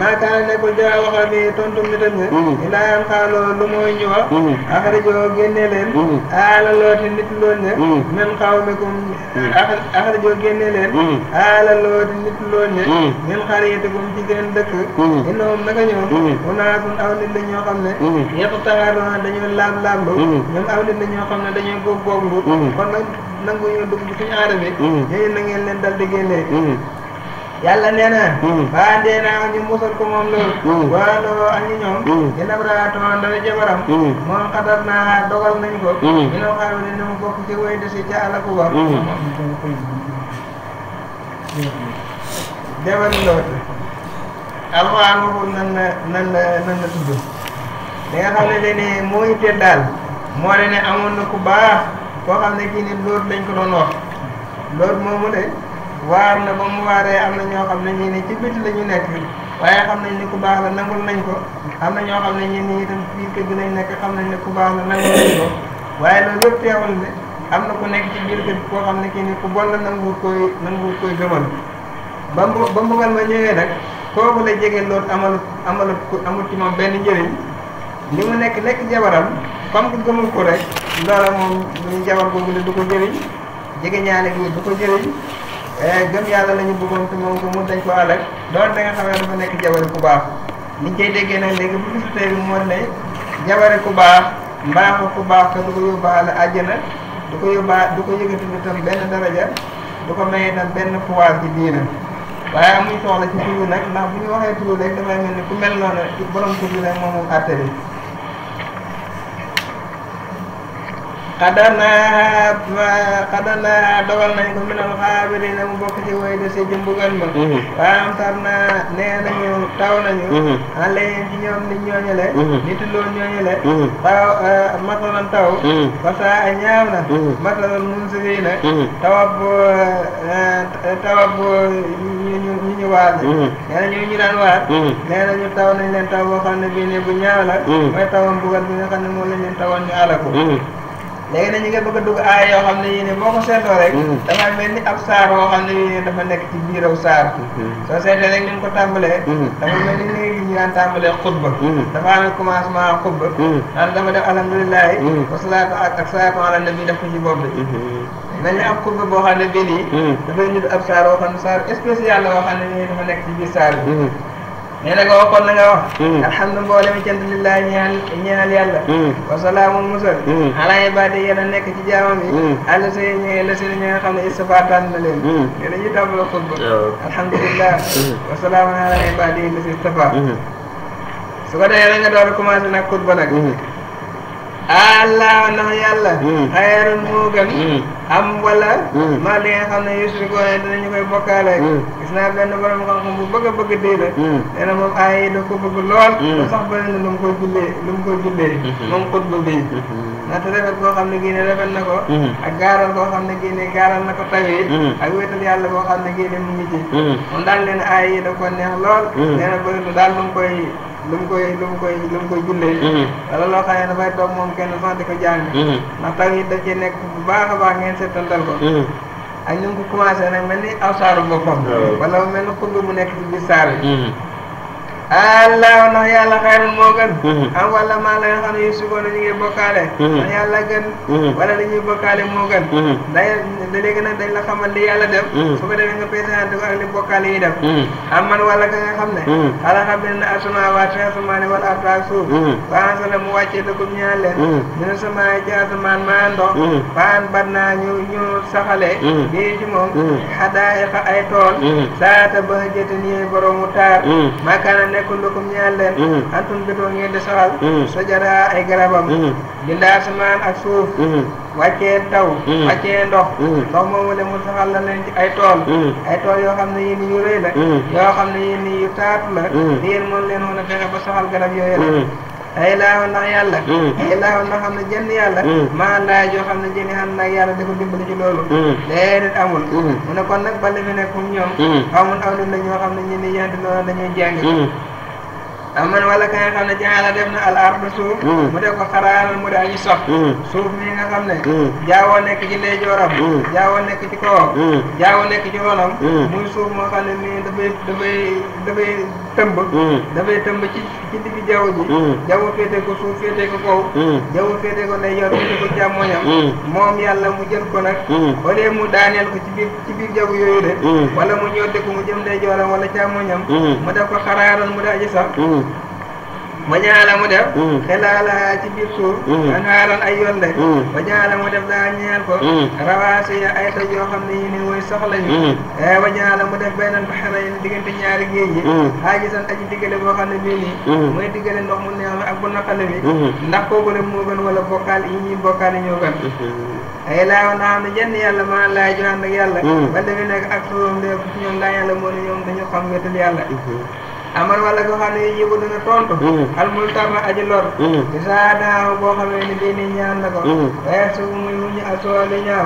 maakaana ne ko jaa waxal ni tontu mm-hmm. nitam ña ilaayam xaaloo lu mooy ñu wax mm-hmm. axarajoo génne leen mm-hmm. aala looti nit loon ña min xawmikum axarajoo génne leen aala looti nit loon ña min xariyatikum ci seen dëkk innoom naka ñoom unaasun aw nit la ñoo xam ne yépp taxaaroona dañoo laab laablu ñoom aw nit la ñoo xam ne dañuy góob góob lu kon nag nangu ñoo dugg ci suñu aada bi ñooñu ngeen leen dal di génne yàlla nee na hmm. ba dee naa ñu musal ko moom loolu hmm. waa loo añu ñoom dina bara toon jabaram hmm. moom xatar naa dogal nañ ko ñu noo ne mu bokk ci way desi ca alaku ba demal loolu alxuraan waxul nan la nan la ne de ne moo itteel daal moo de ne amoon na ku baax koo xam ne kii ni loolu lañ ko doon wax loolu moomu waa waar na ba mu waaree am na ñoo xam ne ñii ne ci biti la ñu nekk waaye xam nañ ni ku baax la nangul nañ ko am na ñoo xam ne ñii nii itam biir kër nekk xam nañ ne ku baax la nangul ko waaye loolu yëpp am na ku nekk ci biir koo xam ne kii ni ku bon la nangu koy nangu koy gëmal ba mu ba mu mën ma ñëwee nag kooku la jege lool amal amalut ku amul ci moom benn njëriñ li mu nekk nekk jabaram comme que gëmul ko rek loola moom muy jabar boobu la du ko jëriñ jege ñaane gi du ko jëriñ. Eh, gëm yàlla la ñu bëggoon te moom ko mun nañ ko àll ak doon da nga xam ne dafa nekk jabare ku baax liñ koy déggee nag léegi bu gisu tey moo ne jabare ku baax mbaaxu ku baax te du ko yóbbaale àjjana du ko yóbbaa du ko yëgati lu tam benn daraja du ko maye tam benn pouvoir ci diina waaye amuñ soxla ci tur nag ndax bu ñu waxee tur rek damay mel ni ku mel noonu borom tur bi nag moom moom àtte bi xadanaa xadanaa dogal nañ ko minal xaabiri na mu bokk ci way de si jumbugan ma waa mm-hmm. am tar naa nee nañu taw nañu mm-hmm. alayhim ci ñoom nit ñooñale mm-hmm. nit loo ñooñale taw eh, matalan taw fasaa a ñaaw na matalan munsiriina tawab eh, tawab ñu ñu waal nee na ñu ñu daan waar nee na ñu taw nañ leen taw boo xam ne bii ne bu ñaaw la mooy tawam bugat bi nga xam ne moom lañ leen tawoon ñu ala ko léegi nag ñu ngi bëgg a dugg aay yoo xam ne yii ne boo ko seetloo rek mm. dafay mel ni ab saar woo xam ne yii ne dafa nekk ci biiraw saar mm. soo seetee rek ñu ko tàmbalee mm. dafa mel ni léegi ñu daan tàmbalee xutba dafa amee commencement xutba naan dafa def alhamdulilahi wasalaatu ak ak salaatu ala nabi def ko ci bopp bi mm-hmm. mel ni ab xutba boo xam ne bii nii dafay nit ab saar woo xam ne saar spécial la woo xam ne yii dafa nekk ci biir saar bi nee na ko kon na nga wax mm. alhamdu mboolem cant lillahi ñaan ñaanal yàlla mm. wasalaamun musal mm. ala ibaadi yéena nekk ci jaamam yi àlla say ñe la nga xam ne istafa tànn na leen nee na ñu tàmbale xutba alhamdulillah wasalaamun ala ibaadi yi la si istafa su ko defee na nga door a commencé na xutba nag allah ndax yàlla hmm. xayaran moo hmm. gën am wala hmm. maa li nga xam ne yusrikoo ne dinañu koy bokkaale gis naa benn borom xam-xam bu bëgg bëgg dee la nee na moom aaya yi da ko bëgg lool da sax bëri koo xam ne gii ne rafet na ko ak gaaral koo xam ne gii ne gaaral na ko tawee ak wéetal yàlla koo xam ne gii mu ngi ci moom daal leen aaya yi da ko neex lool nee na bëri daal lu koy lu mu koy lu mu koy lu mu koy jullee mhm. wala loo xam ne dafay toog moom kenn sax di ko jàng mhm. ndax tamit da cee nekk bu baax a baax ngeen seetantal ko mhm. ak ñu ngi ko commencé nag mel ni aw saaru boppam wala mel ni xutba mu nekk ci biir saar bi allah ndax yàlla xayrun moo gën hmm. am wala maa la nga xam ne yu suboon na ñu ngi bokkaale hmm. ndax yàlla gën hmm. wala dañuy bokkaale moo gën da da léegi nag dañ la xamal li yàlla def su ko defee nga présenté ko ak li bokkaale yi def am man wala ka nga xam ne ala xam ne na asamawaati asamaan wala arda suuf waan sala mu wàccee la ko ñaan leen ñu ne sama ci maa ndox waan bat naa ñu ñu saxalee bii ci moom xadaa ay tool saata ba jëte nii boroomu taar nekkul ko ñeel leen mm-hmm. antum bitoo ngeen di saxal mm-hmm. sajara ay garabam mm-hmm. di laa ak suuf wàccee taw wàccee ndox ndox moomu le mu saxal la leen ci ay tool ay tool yoo xam ne yéen yu rëy la yoo xam ne yéen yu la di yéen mën leen a fexe ba saxal la ay yàlla ay laaw ndax xam ne jënd yàlla maa laa joo xam ne jënd xam nag yàlla dafa dimbali ci loolu déedéet amul mu ne kon nag bali fi nekk ñoom amul awlu la ñoo xam ne ñi ni yent loolu dañuy aman wala ka nga xam ne jaala def na al ardu suuf hmm. mu def ko xaraaral mu di aji sox hmm. suuf mi nga xam ne hmm. jaawoo nekk ci ndeyjooram jaawoo nekk ci kawam jaawoo nekk ci ronam muy suuf moo xam ne nii dafay dafay dafay tëmb tëmb ci ci digg jaww ji jaww féete ko suuf féete ko kaw jaww féete yàlla mu jël ko nag au lieu mu daaneel ko ci ci biir jaww yooyu de wala mu ko mu jëm ndeyjooram wala càmmoñam mu xaraaral mu di aji sox wa jaala mu def mm. xelaalaha ci biir suuf mm. anaaran ay yoon de wa mm. la mu def daa ñeel ko rawaasiya ay toj yoo xam ne yi ni mooy soxla ñu wa eh, jaala mu def beneen baxara yi diggante ñaari géej yi haajisan aji diggale boo xam ne bii nii mooy diggale ndox mu neex mi ak bu naqale bi ndax kooku le moo gën wala bokkaal yi ñuy bokkaal yi ñoo gën ay laaw na xam ne jenn yàlla maa laay joxaan ak yàlla ba demee nekk ak turam lépp ñoom laa yàlla moo ne aman wala ko xam ne yu yëbu dina tontu mm-hmm. al mul tama aji lor di mm-hmm. saa daaw boo xamee ne ni ñaan na ko mm-hmm. waaye su muy muñu asoo li ñaaw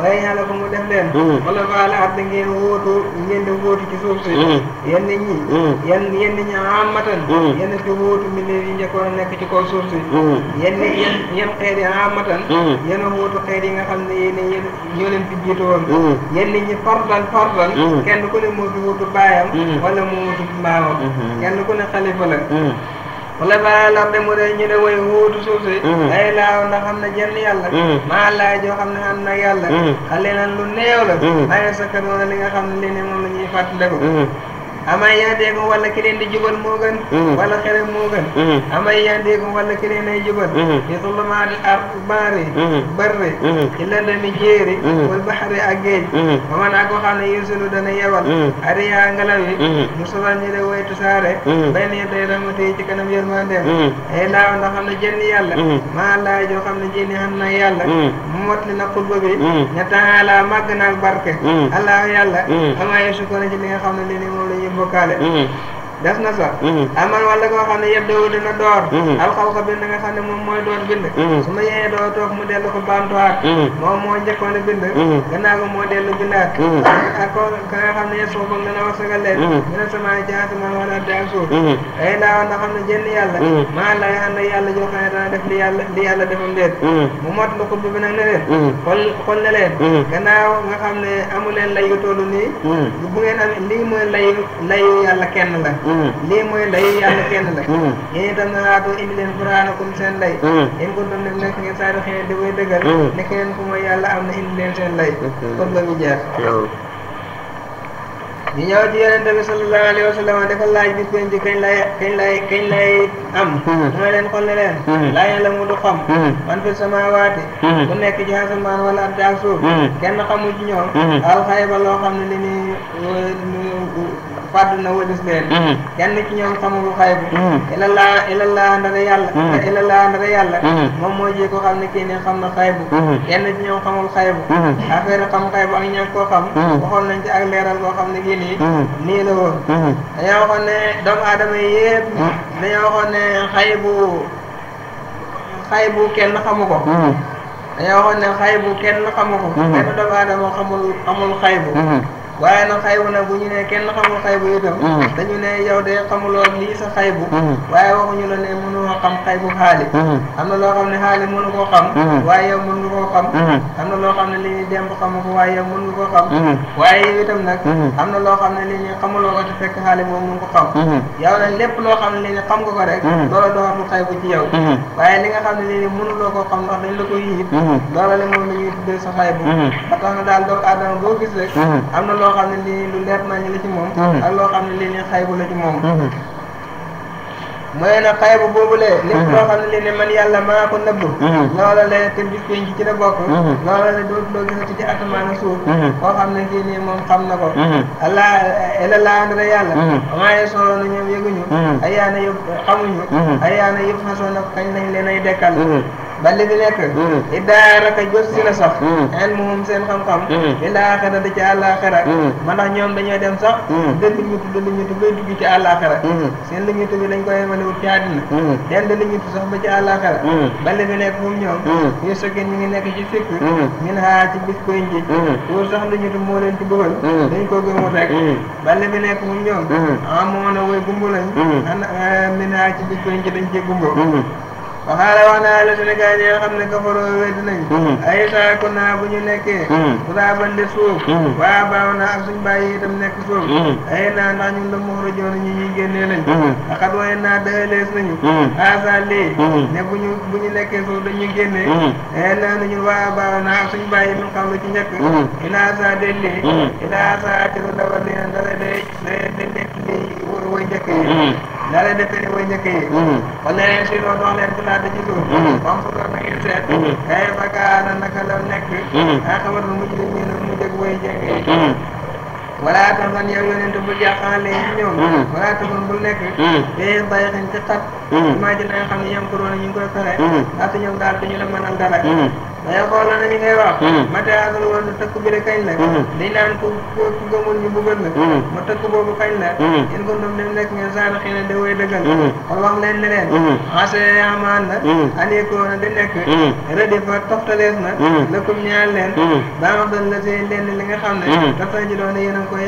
waaye yàlla ko mu def leen wala baala at ngeen wóotu ngeen di wóotu ci suuf si yenn ñi yenn yenn ñi amatan yenn a nekk ci kaw suuf si yenn yenn yenn xeet yi amatan yenn wóotu xeet yi nga xam ne yéen yéen leen fi woon yenn ñi fardan fardan kenn ku ne moo fi wóotu baayam wala moo wóotu maamam kenn mhm. ku ne xalifa la mhm. wala balaa lar mu dee ñu ne way wóotu suuf si mhm. ay laaw ndax xam ne jenn yàlla maa laa joo xam ne am na yàlla xale nan lu néew la maye sa kanoona li nga xam ne li ne moom la ñuy fàttaliku amay yandeegum walla ki leen di jubal moo gën mhm. walla xeram moo gën mhm. amay yandeegum walla ki ay jubal mhm. fi zulumaati al-baari barri ci lëndami jéeri wal baxari ak géej ba man ak waxam ne yursulu dana yebal ariya ngelaw yi mu sobal ñi de woytu saare bay ne day ramate ci kanam yërmandeem ay laaw ndax xam ne jënni yàlla maa laa joo xam ne jënni xam na yàlla mu mot li na bi ña taala màgg naak barke allah yàlla amay sukkoon vocale mm-hmm. des na sax mhm. aman wala koo xam ne yëpp dawo dina door mhm. alxawka xam ne moom mooy doon bind mhm. su ma yeyee doo toog mu dellu ko bantuwaat moom moo njëkkoon a bind gannaaw ko moo dellu bindaat ak ko ka nga xam ne yëpp soo bëgg dana di ak suuf ay laawa nga xam ne jënn yàlla maa lay ne dana def li yàlla li yàlla mu mot lu xutba bi nag ne leen xool ne leen gannaaw nga xam ne amu leen lay yu toll nii bu ngeen lii mooy lay layu yàlla kenn la Hmm. lii mooy lay yàlla kenn la hmm. yéen itam nawaatu indi leen quraanakum seen lay in kuntum def nekk ngeen saari xëy na di koy dëggal hmm. nekk leen ku mooy yàlla am na indi leen seen lay kon la ñu jaar ñu ñëw ci yonente bi sallallahu alayhi wa sallam dafa laaj kañ lay kañ lay am mooy leen xol ne leen laa yàlla mu du xam man fi samawaati bu nekk ci asamaan wala ab daag kenn xamu ci ñoom alxayba loo xam ne li muy fàddu na wëlis leen mhm. kenn ci ñoom xamul xay bu mhm. ilallah ilallah ndara yàlla mhm. ilallah ndara yàlla moom moo ji ko xam ne kii ne xam na xay bu kenn ci ñoom xamul xay bu affaire xam xay bu ak ñoom koo xam waxoon nañ ci ak leeral boo xam ne kii nii nii la woon dañoo waxoon ne doomu aadama yi yëpp dañoo waxoon ne xay bu xay bu kenn xamu ko dañoo waxoon ne xay bu kenn xamu ko benn doomu aadama xamul xamul xay bu waaye nag xaybu nag bu ñu nee kenn xamul xaybu itam hmm. dañu ne yow de xamuloo lii sa xaybu hmm. waaye waxuñu la ne mënuloo xam xaybu xaali hmm. am na loo xam ne xaali mënu koo xam waaye yow mën nga koo am na loo xam ne li ñuy demb xamu ko waaye yow koo xam waaye yow nag am na loo xam ne li ñuy xamuloo ko te fekk xaali moom mën ko xam yow nag lépp loo xam ne li ñu xam nga ko rek loola doxatul xaybu ci yow waaye li nga xam ne li ñu mënuloo koo xam ndax dañ la ko yii loola la moom la ñuy tuddee sa xaybu ba tax na daal doomu aadama boo gis rek loo xam ne lii lu leer nañu la ci moom ak loo xam ne lii ni xaybu la ci na xaybu boobulee lépp loo xam ne lii ne yàlla maa ko nëbb loola la te bis pénc ci bokk loola la dootu loo gisati ci asamaan ak suuf koo xam ne kii nii moom xam na ko ala ela laandara yàlla amaaye solo na ñoom yëguñu ay yaana yëpp xamuñu ay yaana yëpp façon nag kañ lañ leen ay dekkal balli fi nekk hmm. iddaaraka jos si la sox hmm. en moom seen xam-xam li hmm. laaxara da ci àllaaxara ma ndax ñoom dañoo dem sax de li ñu tudd li ñu tudd bay dugg ci àllaaxara seen li ñu tudd dañ koy yemalewut ci àddina den de li ñu tudd sax ba ci àllaaxara balli nekk moom ñoom ñu sogin ñu ngi nekk ci sikk min haa ci bis koy njiit pour sax li ñu tudd moo leen ci bëggal dañ ko gëmut rek balli fi nekk moom ñoom amoon na woy gumbu lañ an min haa ci bis koy njiit dañ cee gumbo waxaala wax naa la sunu gaa yi nga xam ne kafaroo wedd nañ hmm. ay naa bu ñu nekkee turaaban hmm. di suuf hmm. waa baaw naa ak suñ bàyyi itam nekk suuf ay naa ndax ñun la muxru joon ñi ñuy génnee lañ axat way naa dëhalees nañu xaasa lii ne bu ñu bu ñu nekkee suuf dañuy génnee ay naa nañu waa baaw naa ak suñ bàyyi min xam lu ci njëkk ilaa saa delli ilaa saa ati la dawa dina dara day day day nekk yi daa leen nettali way njëkk yi wala mhm. leen si loo dox leen ci laata ci suuf bam su doon na ngeen seet kay bakaana naka la nekk mhm. aa xamarul mujj li ñu mu jëg way njëkk yi mhm. wala taman yow yonent bul yàqaan leen ci ñoom wala taman bul nekk bee bay xen ci xat maa ji la nga xam ne yam ko doon ñu ngi koy pere parce que ñoom daal dañu la mënal dara waaye xoolal na li ngay wax. Hmm. ma teewlu woon bi de kañ la. Hmm. dañ naan ku ku gëmul ñu bëggal la. ma hmm. tëkk boobu kañ la. in ko doon ngeen saa xëy na de dëggal. kon wax leen ne leen. xase amaan la. aneekoo na di nekk. rëdd fa toftalees na. lëkkum ñaar leen. daa wax dañ la see leen li nga xam ne. toftale ji doon yéen a ngi koy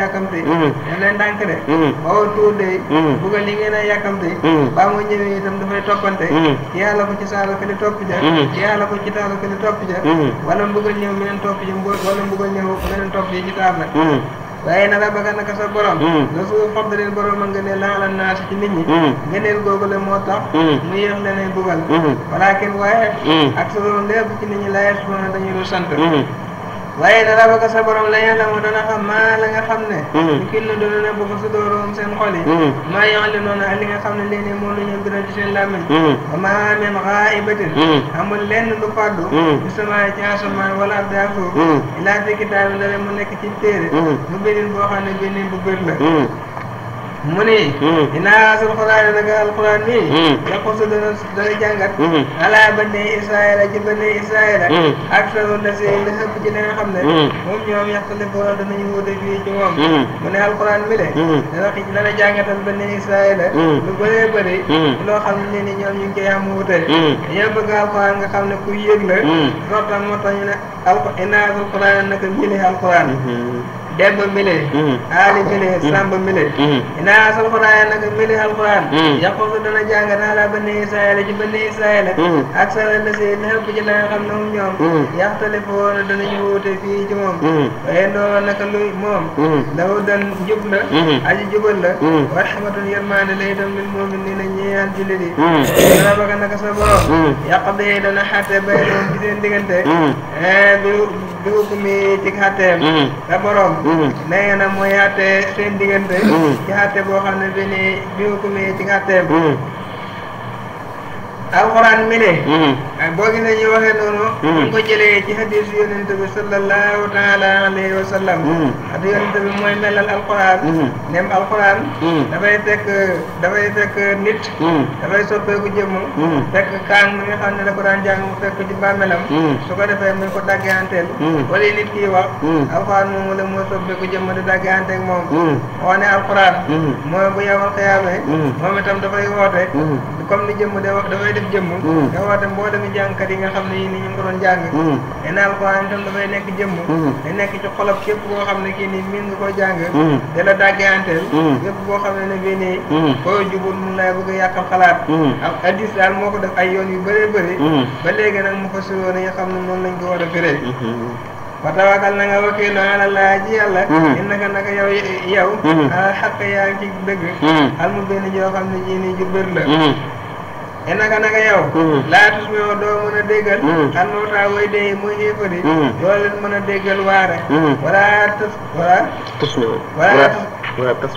leen dànk de. waaw tuur de. bëggal li ngeen a yàkkamte. baa moo ñëwee itam dafay toppante. yàlla ko ci saala ko di topp ja. yàlla ko ci taala ko di topp ja mhm. wala mbugal ñëw meneen topp ci mbóot wala mbugal ñëw meneen topp ci ci taafla mhm. waaye nag bëgg naka sa borom la suu fabdalil borom a nga ne laalan naa ci nit ñi mhm. ngeneen googu moo tax mu yéex leneen bugal walakin waaye ak sa borom lépp ci nit ñi laye sumona dañu du sant waaye dara ba ko sa borom la yàlla moo dana xam maa la nga xam ne. ñu hmm. kii la doon nëbb ko su dooroom seen xol yi. Hmm. maa yàlla noonu ak li nga xam ne léeg-léeg moom la ñu la a di seen ma hmm. maa min xaa'ibatin. amul lenn lu fàddu. du sama ci asamaan wala ab daa foofu. ilaa fi kitaab la mu nekk ci téere. mu beneen boo xam ne beneen bu bër la. mu ne. dinaa hmm. suñu xuraan nag alxuraan nii. yàqu su dana dana jàngat. Hmm. ala bani Israayiila ci bani Israayiila. Hmm. ak sa woon na si li ëpp ci li nga xam ne. moom ñoom yaxtalifuuna danañu wute fii ci moom. mu ne alxuraan mi de. dana jàngatal bani Israayiila. lu bëree bëri. loo xam ne ni ñoom ñu ngi koy am wute. dañoo bëgg alxuraan nga xam ne ku yëg la. loolu tam moo tax ñu ne alxu dinaa suñu xuraan nag mili alxuraan. Demba Mbile. Mm-hmm. Ali Mbile. Mm-hmm. Samba Mbile. Mm-hmm. naa alxuraan nag Mbile alxuraan. yàqu su dana a naa la bani Israayil ci bani Israayil. ak sa la si lépp ci la nga xam ne moom ñoom. yaxtalifoon danañu wuute fii ci moom. waaye doo naka luy moom. dafa dan jub la. jubal la. wa rahmatun yërmande lay itam lil moom nii na ñeent jullit yi. dana naka sa borom. yàq dee dana bay moom ci seen diggante. Eh, bi hukumee ci xàtteem mm-hmm. sa borom mm-hmm. nee na mooy xàtte seen diggante mm-hmm. ci xàtte boo xam ne bi ni bi hukumee ci xàtteem alxuraan mi ne mhm. boo gi nañu waxee noonu mhm. ñu ko jëlee ci hadis yonent bi sallallahu taala alayhi wa sallam mhm. hadis yonent bi mooy melal alxuraan nem alxuraan dafay ne da ko daan jàng mu fekk ci bàmmelam su ko defee mu ko wax alxuraan moomu la moom moo ne alxuraan mooy moom itam dafay woote comme ni jëmm de dafay def jëmm hmm. nga woote mboolem jàngkat yi nga xam ne ni ñu ngi doon jàng hmm. nee na alxuraan itam dafay nekk jëmm hmm. da nekk ci xolob képp koo xam ne kii nii min nga koy jàng da la dàgganteel képp koo xam ne ne bii nii koo jubul mun laa bëgg a yàqal xalaat ak addis daal moo ko def ay yoon yu bëree bëri ba léegi nag mu fassiroo nañu xam ne noonu lañ ko war a firee wa tawakal na nga wakiilu ala laa ji yàlla innaka naka yow yow alal xaq yaa ngi ci dëgg al mu benn joo e naka naka yow mm-hmm. laatus mi yow doo mën a déggal mm-hmm. an way dee muy xéefari mm-hmm. doo leen mën a déggal waare wala tas wala tas mi wala tas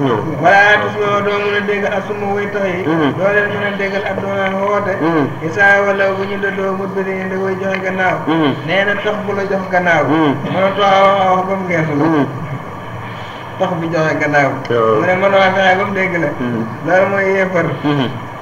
mi doo mën a dégg asuma way tax doo leen mën a déggal ak doo leen isaa wala bu ñu da doo mut bi dañu joxe gannaaw nee na tax jox gannaaw mën a toxa wax wax ba mu geesu la tax bi joxe gannaaw mu ne mën waa fexe ba mu dégg la mm-hmm. loolu mooy yéefar mm-hmm.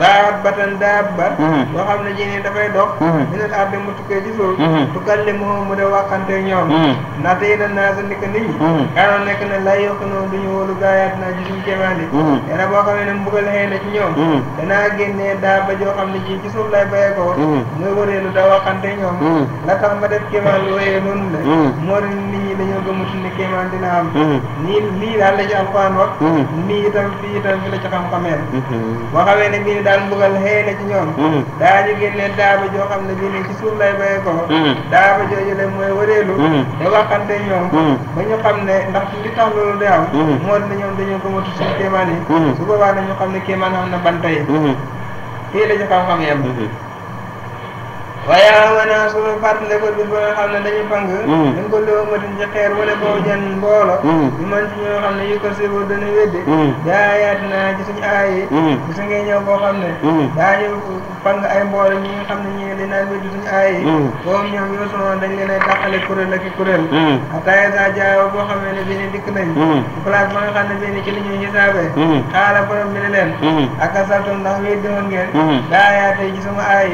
daawat batan daabba mm-hmm. boo xam ne jii nii dafay dox minal mm-hmm. arde mu tukkee ci suuf tukallimuhum mm-hmm. mu de waxante ñoom ndaxte yi dan naa sa ndikk nit ñi kaanoon nekk na lay yokk noonu du ñu wóolu gaayaat naa ci suñu kéemaandi dana boo xamee ne mbugal xëy na ci ñoom danaa génnee daabba joo xam ne ji ci suuf lay bayee ko muy wëreelu da waxante ñoom la tax ma def kéemaan lu wéyee noonu la moo di nit ñi dañoo gëmut ne kéemaan dina am nii lii daal la ci alxuraan wax nii itam fii itam daan mbugal xëy na ci ñoom mm-hmm. daañu génneel daaba joo xam ba bii nii ci suuf lay bayee ko mm-hmm. daaba jooju le mooy wareelu te mm-hmm. waxante ñoom ba ñu xam ne ndax li tax loolu day am moo di ne ñoom dañoo gëmatu suñu kéemaan yi su xam ne kéemaan am na ban tey fii la ci xam-xam yem waaye amanaa su ma fàttaliku bis ba nga xam ne dañu pang hmm. dañ ko loo matin ci xeer boo jan mboolo hmm. ñu man ci ñoo xam ne yu ko sibo dana wedde daa hmm. yaat naa ci suñu aay yi bu boo xam ne daañu pang ay mboolo ñi nga xam ne ñi dañ naan weddi suñu aay yi boobu ñoom yoo sonoon dañ leen ay tàqale kuréel ak i kuréel ataaya saa jaaw dikk nañ place ba nga xam ne benn ci li ñuy xisaabee xaala borom bi ne leen ak asabtum ndax weddi woon ngeen daa yaatee ci sama aay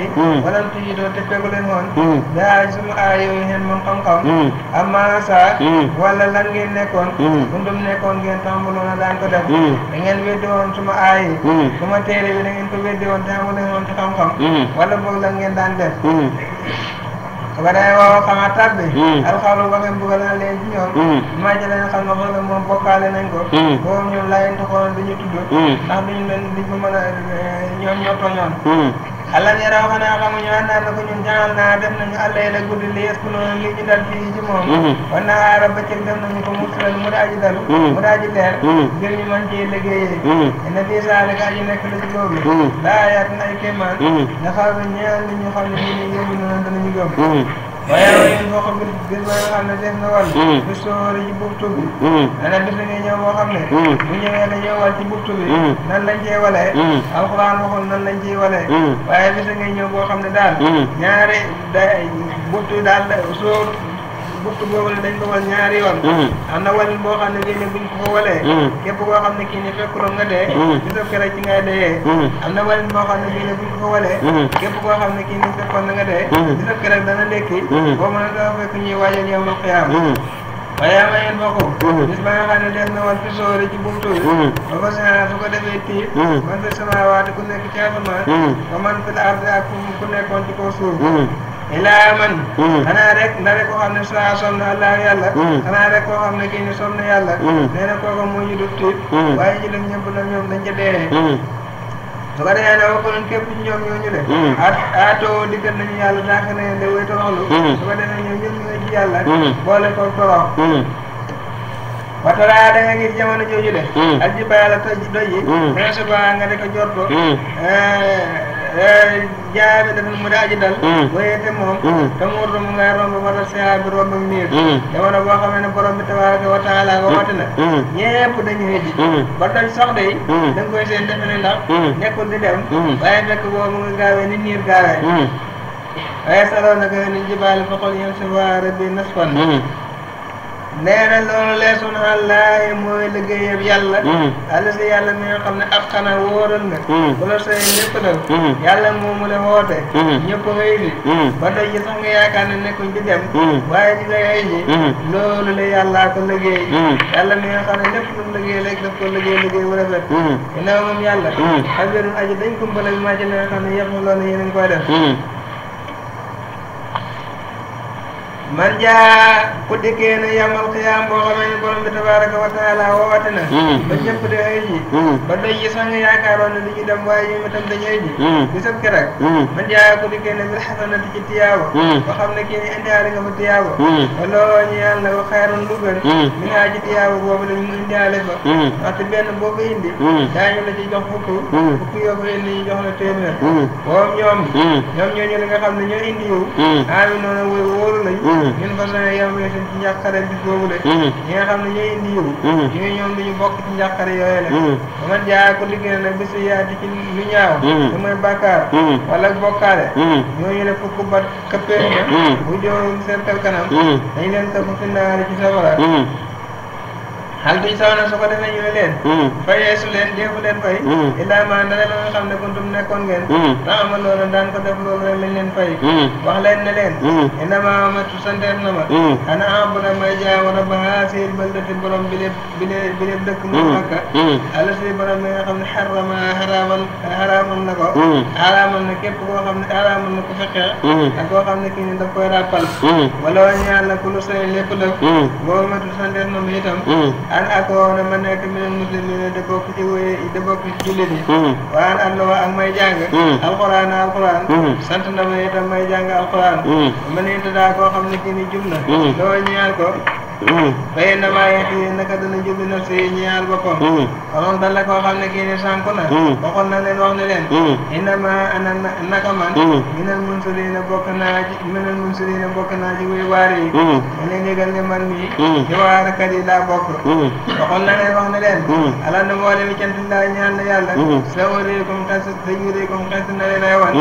tegu leen woon daay hmm. sunu aay yooyu ngeen moom xam-xam hmm. a sa hmm. wala lan ngeen nekkoon bundum nekkoon ngeen tàmbaloon a daan ko def da ngeen weddi woon suma aay yi suma téere bi da ngeen ko weddi woon tàmbaloon woon ci xam-xam wala boog ngeen daan def ba day waaw xanaa tàbbi alxawlu waxe mbugal na leen ci ñoom maa ji leen xam nga xam ne moom bokkaale nañ ko boobu ñun laayeen toxoon duñu tudd ndax duñu leen duñ ko mën a eh, ñoom ñoo alam yaraw xanaa xamuñu an naa nako ñun jaxal naa def nañu àllay la guddi li yeskunoon ngir ñu dal fii ci moom mhm. wan naxaara bëccëg def nañu ko musural mu daaji dal mu daaji leer mhm. mhm. ngir ñu mën ci liggéeyee ina fii saalika aji nekk la ci boobu laa yaat na ay kéemaan nga xaw ñaan li ñu xam ne ñi ne yóbbu noonu danañu gëm waaye boo xam ne bis ba nga xam ne def na wàll bis soore ji buub tub bi dana bis ngi ñëw boo xam ne bu ñëwee dañuy wàll ci buub tub bi nan lañ ciy walee alxuraan waxul nan lañ ciy walee waaye bis ngi ñëw boo xam ne daal ñaari day buub tub daal sóor bukk boobu la dañ ko wal ñaari yoon hmm. am na walin boo xam ne bii ne buñ ko fa walee hmm. képp koo xam ne kii ni fekkuloon nga dee bisab hmm. keroog ci ngay dee am na walin boo xam ne bii ne buñ ko fa walee képp koo xam ne kii ni fekkoon na nga dee bisab keroog dana lekki boo mën a daa fekk ñuy waajal yow ma xiyaam waaye am na yéen bokk. bis ba nga xam ne des na woon ci soore ci buntu bi. ba ko saa su ko defee tiit. man fi samaawaati ku nekk ci asamaan. ba man fi la ardi ak ku nekkoon ci kaw suuf. ilaa man mm-hmm. xanaa rek ndare koo xam ne saa som na allah yàlla mm-hmm. xanaa rek koo xam ne kii ni som na yàlla mm-hmm. nee na kooku moo ñu dul tiit waaye ñu def ñëpp la ñoom dañ ca dee su ko defee nag waxuloon képp ñoom ñooñu de at aatoo diggal nañu yàlla daaka nañu de way toroxlu su ko defee ñoom ñëpp ñu ngi ci yàlla boole ko torox watara da nga gis jamono jooju de ak ji bàyyi la toj doj yi mais su baa nga di ko jortu eh, jaabe dafal mu daaji dal mm. wayete moom mm. tamurdu mu ngay romb wala saa bi romb miir mm. jamono boo xam ne borom bi tabaraka wa taala waxati na dañu hëddi ba toj sax day da nga koy seen defe ne ndax nekkul di dem waaye fekk boo mu nga gaawee ni niir gaawee waaye saloo naka ni jibaal faqul yamsuha rabbi nasfan nee na loolu leesu naa laay mooy liggéeyam yàlla. Mm-hmm. àll si yàlla mi nga xam ne ab xanaa wóoral na. Mm-hmm. bu la sooy lépp nag. Mm-hmm. yàlla moom mu la woote. ñëpp ngay ji. ba tey ji sax nga yaakaar ne nekkuñ di dem. waaye dina ngay ji. loolu la yàllaa ko liggéey. yàlla mi nga xam ne lépp lu mu liggéey rek daf ko liggéey liggéey bu a ginnaaw moom yàlla. xabiirun aji dañ kumbal ak maa ci li nga ne yëpp loolu yéen man jaa ku dikkee ne yamal xiyaam boo xamee ne borom bi tabaaraka wa taala woote na. Hmm. ba ñëpp di ay ji. Hmm. ba doy yi sax nga yaakaaroon ne dañuy dem waaye ñoom itam dañuy ay ji. Hmm. bisab keroog. man jaa ku dikkee ne bil xasanati ci tiyaaba. ba xam ne kii ni indiwaale nga fa tiyaaba. wala ñu yaan la wa xayran lu gën. min haa ci tiyaaba boobu la ñu indiwaale fa. waxtu benn boo ko indi. daañu la ci jox fukk. fukk yoo ko indi ñu jox la téeméer. woom ñoom. ñoom ñooñu li nga xam ne ñoo indi yow. aami noonu wóoru Hmm. ñun a na a mi ci njàqare bi googu de hmm. ñi nga xam ne ñooy indi yiw hmm. ñu ne ñoom duñu bokk ci njàqare yooyu la ba man jaay ko liggéey nag bisu yaa di ci lu ñaaw te mooy bàkkaar wala bokkaale ñooñu bu jëm seen kanam dañ leen ko fi naari ci safara xal bi saana su ko defee ñu ne leen hmm. fayeesu leen déefu leen fay hmm. illaa ma ndare la nga xam ne kuntum nekkoon ngeen hmm. tax ama loolu daan ko def loolu rek lañ leen fay wax leen ne leen indama amatu santeef na ma ana abuna may jaay war a baaa siil baldati borom bi lépp bi lépp bi lépp dëkk mu makka ala si borom bi nga xam ne xarama xaraamal xaraamal na ko xaraamal na képp koo xam ne xaraamal na ko fekkee ak koo xam ne kii ne daf koy ràppal wala wañ yàlla ku lu say lépp lëf boo amatu santeef na ma itam an akoona ma nekk minal muslimina da bokk ci wéy da bokk ci jullit yi hmm. waa an allo waa ak may jàng hmm. alxuraan alxuraan hmm. na ma itam may jàng alxuraan ma ne daa koo xam ne kii ni jub na loo ñaan ko fay hmm. na maa yàq yi naka dana jublu na si ñaar boppam. xamoon hmm. dala koo xam ne kii ne sànq na. Hmm. waxoon na leen wax ne leen. inama ana naka man. minal munsaliina bokk naa ci minal munsaliina bokk naa ci ma leen yëgal ne man mii. ci waarkat yi laa bokk. waxoon na leen wax ne leen. ala na moo leen cant laa ñaan na yàlla. sawarikum xas sajurikum xas na leen ay wan.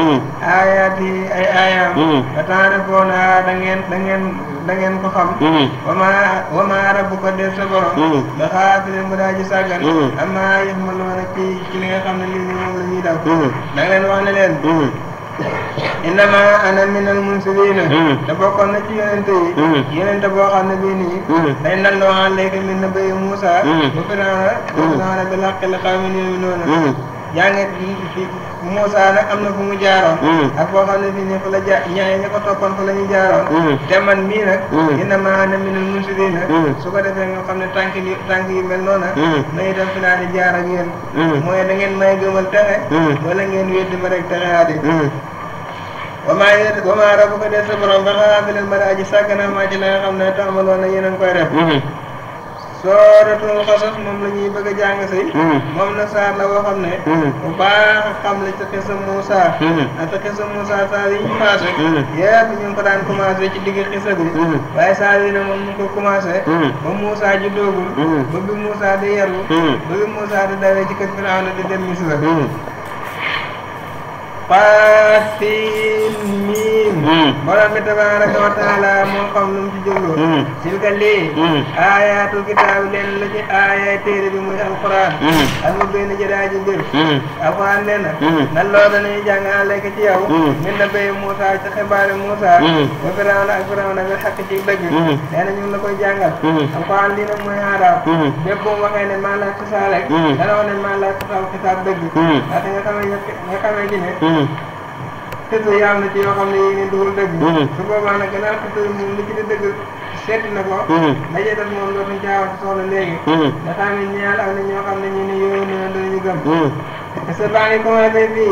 aayaat ay aayaam. ba taarifoona da ngeen da ngeen ko xam hmm. wama wama rabbuka def sa borom da hmm. xaafile mu daa ji sàggan hmm. amma yëf ma loona ci ci li nga xam ne lii ni moom la ñuy daw da ngeen wax ne leen innama ana min al munsirin te bokkoon na ci yonente yi yonente boo xam ne bii nii day nalloo léegi min na bay Moussa bu firaana bu firaana bi laqil xawmin yooyu noonu yaa ngi fi Moussa nag am na fu mu jaaroon. Mm. ak boo xam ne fii nii fa la ja ñaay ña ko la ñu jaaroon. Mm. te man mii nag. dina mm. maa ana minal munsirin su ko defee nga xam ne tànk yu tànk yu mel noonu. nañu dem fi naa di jaar ak yéen. mooy da ngeen may gëmal texe. wala ngeen weddi ma rek texe aadi. wamaa yéen wamaa rabuka dee sa borom ba xanaa fi leen mën a aji sàgg naa maa ci la nga xam ne taxamaloo na yéen a ngi koy def. sooratul xasas moom la ñuy bëgg a jàng si hmm. moom na saar la woo xam ne bu hmm. baax xam la ca xisa Moussa hmm. ak ca xisa Moussa saar yi ñu passé yëpp ñu ngi ko daan commencé ci digg xisa bi waaye saa yi ne moom ñu ko commencé ba Moussa ji doogul ba bi Moussa di yaru ba bi di dawee ci kër Firawna dem Misra xaasin miim hmm. borom bi tabaaraka wa taala moo xam lu mu ci jublu hmm. tilka lii hmm. aayaatul kitaabi leen la ci aayaay téere bi muy alquran ak mu benn jëdaa ji mbir alquran nee na nan loo dañuy jàng aleyka ci yow min na béy Moussa ci xibaari Moussa wa Firawna ak Firawna bi xaq ci dëgg nee na ñu ngi la koy jàngal alquran lii nag mooy aaraaw bépp bu waxee ne maa laa ci saa rek dana wax ne maa laa ci taw kitaab dëgg xis na yaam na ci yoo xam ne yéen duhul dëgg hmm. su boobaa nag gannaaw xis moom li ci di dëgg na ko hmm. daje def moom dootuñ caawa si soxla léegi hmm. dafa am ñaar am na ñoo ñu ne yow استطاعني كما تيدي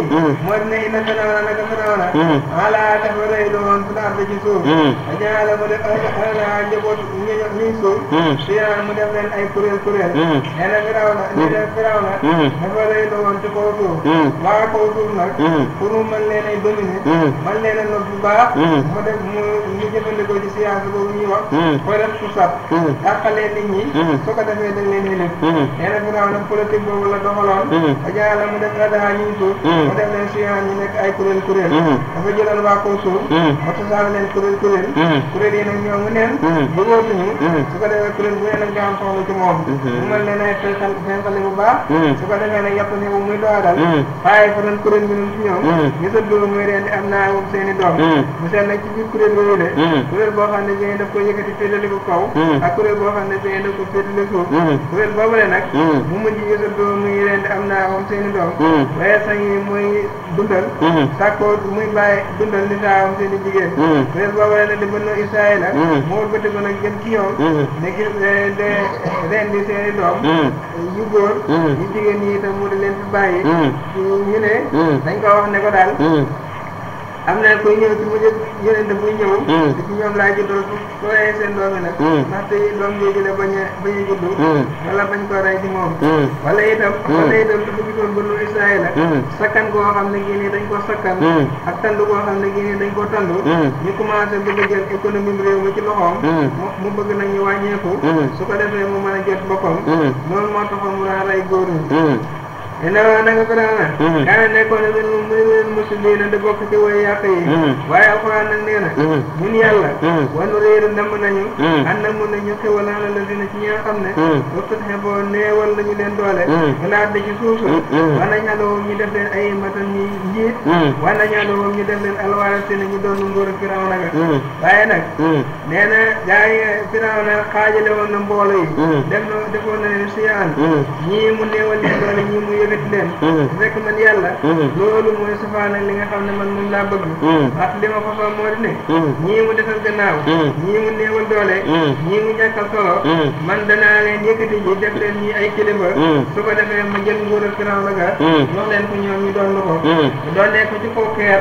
مدن إن فرعون كفرعون على تفرين وانت الأرض جسوم أجعل مدقنا جبوت نيسوم شيئا مدقنا أي كريل كريل أنا فرعون أنا فرعون تفرين وانت قوتوم waa قوتوم نك كنو من لنا يدمني من لنا نبضا مدق ñu jëfandikoo ci siyaasa boobu ñuy wax koy def su sab dàqalee nit ñi su ko defee dañ leen di lëf nee na firaaw nag politique boobu la doxaloon ajaalam mu def adaha ñu ngi suuf mu def leen suyaan ñu nekk ay kuréel kuréel mm. dafa jëlal waa kaw suuf mm. mu tasaare leen kuréel kuréel mm. kuréel yi nag ñoo mu neen bëggootuñu su ko defee kuréel bu ne nag nga am soxla ci moom mm-hmm. mu mel ne nay feesal feesal bu baax su ko defee nag yàpp ne bu muy doadal waaye fa doon kuréel bi nun ci ñoom boo xam ne bii daf ko yëkkati féetale ko kaw ak kuréel boo xam ne bii daf ko féetale suuf kuréel boobu nag mu mujj gisal dóor muy reen di am naa woom seen doom borom. waaye hmm. sañ yi muy dundal. sàkkoo hmm. muy bàyyi dundal li saa am seen i jigéen. mais hmm. boobu la di banu Israayila. moo bëtt ko nag jëm ci ñoom. ne gis eh, de ren di seen i doom. yu góor. yu jigéen yi itam mu di leen fi bàyyi. ñu ne. dañ ko wax ne ko daal. am na koy ñëw ci mujj yeneen daf muy ñëw. te ci ñoom laa juddoo bu bu reyee seen doom yi hmm. la bañ a bañ a juddu. Hmm. wala bañ koo rey moom. Hmm. wala itam. wala itam dafa gisoon banu Israayil sakkan koo xam ne gii nii dañ koo sakkan. ak tandu koo xam ne gii nii dañ koo tandu. ñu commencé bëgg a jël économie réew mi ci loxoom. mu bëgg nag ñu wàññeeku. su ko defee mu mën a jot boppam. loolu moo taxoon mu a rey góor ñi. inama naka ko daana mhm. daana nekkoon min min muslimina da bokk ci way yàq yi mhm. waaye alxuraan nag nee na mun mhm. yàlla wanu réeru namm nañu an na mun nañu xewalaana la dina ci ñi nga xam ne waxtu xeboo neewal lañu leen doole walaat da ci suuf war nañ alowom ñu def leen ay matan ñi njiit a nañ alowom ñu def leen alwaarasi na ñu doon nguur firaw naga waaye nag nee na gaa yi firaw na xaajale woon na mboolo yi def na defoon mu neewal leen wet leen fekk mm-hmm. man yàlla mm-hmm. loolu mooy safaana li nga xam ne man moom laa bëgg mm-hmm. ak li ma fafa moo di ne ñii mu defal gannaaw ñii mu néewal doole ñii mu ñàkkal solo man danaa leen yëkkati ñi def leen ñi ay kilifa su ko defee ma jël nguur ak firaw la ga jox leen ko ñoom ñu doon la ko doonee ko ci kaw keer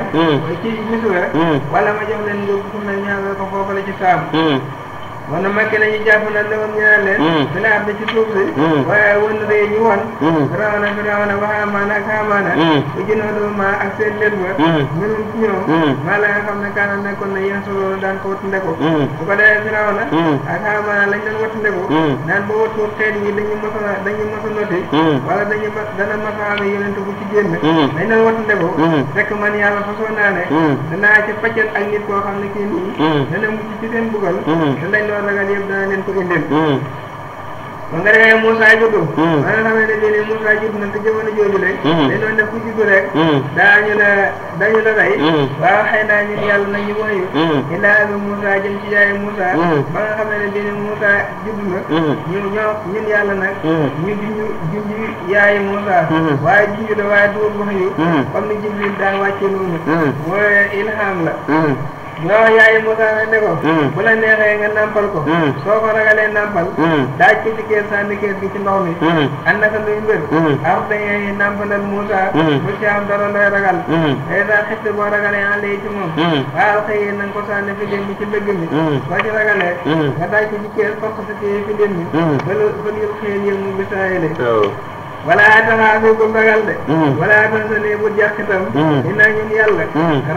ci misura wala ma jox leen nguur fu mel ñaanal ko foofu la ci saam wana makke nañu jàpp na lewon ñaan leen bila hmm. ab na ci suuf si hmm. waaye won ree ñu won hmm. rawana firawna wa haamaana ak haamaana bu junoodu ma ak seen lël ba mënum ci ñoom maa la nga xam ne kaana nekkoon na yéen solo daan ko wattu ndeko bu ko defee firawna ak haamaana lañ doon wattu ndeko daan ba wattu xeet yi dañu mos a dañu mos a noti wala dañu dana mos a amee yonent bu ci génn dañ doon wattu ndeko fekk man yàlla fasoo naa ne danaa ci paccat ak nit koo xam ne kii nii dana mucc ci seen bugal doon ragal yëpp dana leen ko indil. Hmm. ba nga defee Moussa juddu. Hmm. ba nga xamee ne bii juddu na te jamono jooju rek. Hmm. dañ doon def ku juddu rek. daañu la dañu la rey. waaw xëy naa ñun yàlla na ñu mooy. illaa abi Moussa jëm ci yaayu Moussa. ba nga xamee ne bii nii Moussa juddu na. ñu ñoo ñun yàlla nag. ñu junju junju yaayu waaye junju la waaye duur wax yu. comme ni Jibril daa wàcce noonu. mooy ilham la. nga wax yaay Moussa nag ne ko. Hmm. bu la neexee nga nàmpal ko. Hmm. soo ko ragalee nàmpal. Hmm. daaj ko ci kees sànni kees gi ci ndox mi. ànd ak luy mbir. am na yaay nàmpalal Moussa. ci am dara ragal. day daal xet boo ragalee àll yi ci moom. waaw xëy nga ko ci ci ragalee. ko ci kees fokk sa kii fi dem mi. ba lu ba lu xëy na mu oh. wala tanaa bi bul ragal de hmm. wala tan sa nii bu jàq itam ina ñun yàlla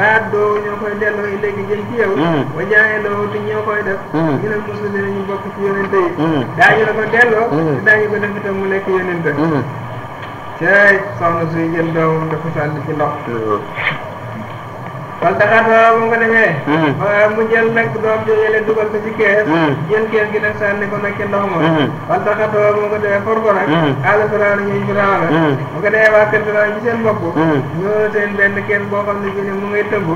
raat hmm. doo ñoo koy delloo i léegi jëm ci yow hmm. wa jaane loo te koy def gina musulmi ñu bokk ci yonente yi daañu la ko delloo te daañu ko def itam mu nekk yonente cey soxna suy jël doomam dafa sànni ci ndox kon taxaat waaw bu ko defee. waaw mu jël nag doom jooju la dugal ko ci kees. Hmm. jël kees gi nag sànni ko nag ci ndox ma. Hmm. kon taxaat waaw bu ko defee for ko nag. Hmm. àll bi daal ñuy fi daal la. bu ko defee waa kër gi daal ci seen bopp. ñoo seen benn kenn boo xam ne bii mu ngay tëmb.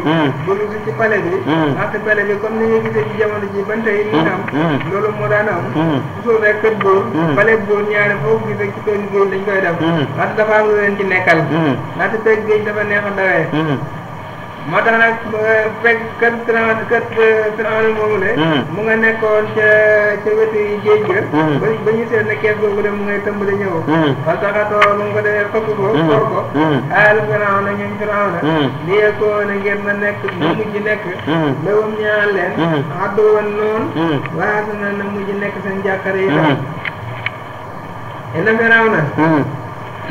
bu ci pale bi. ndaxte pale bi comme ni nga gisee ci jamono ji ban tey nii loolu moo daan am. rek kër góor. pale góor ñaare foofu gis rek ci kër góor dañ koy def. ndaxte dafa am lu a moo tax nag euh, fekk kër Firawna kër Firawna euh, moomule hmm. mu nga nekkoon ca ca wetu géej ga hmm. ba ba ñu seet ne kees googu de mu ngay tëmb di ñëw fa hmm. saxatoo mu ngi ko defee fëkk ko for ko aal Firawna ñoom Firawna ah, lii ko ne ngeen ma nekk mu mujj nekk lawum ñaan leen addu woon noonu waas na na mujj nekk seen jàkkare yi tam ina Firawna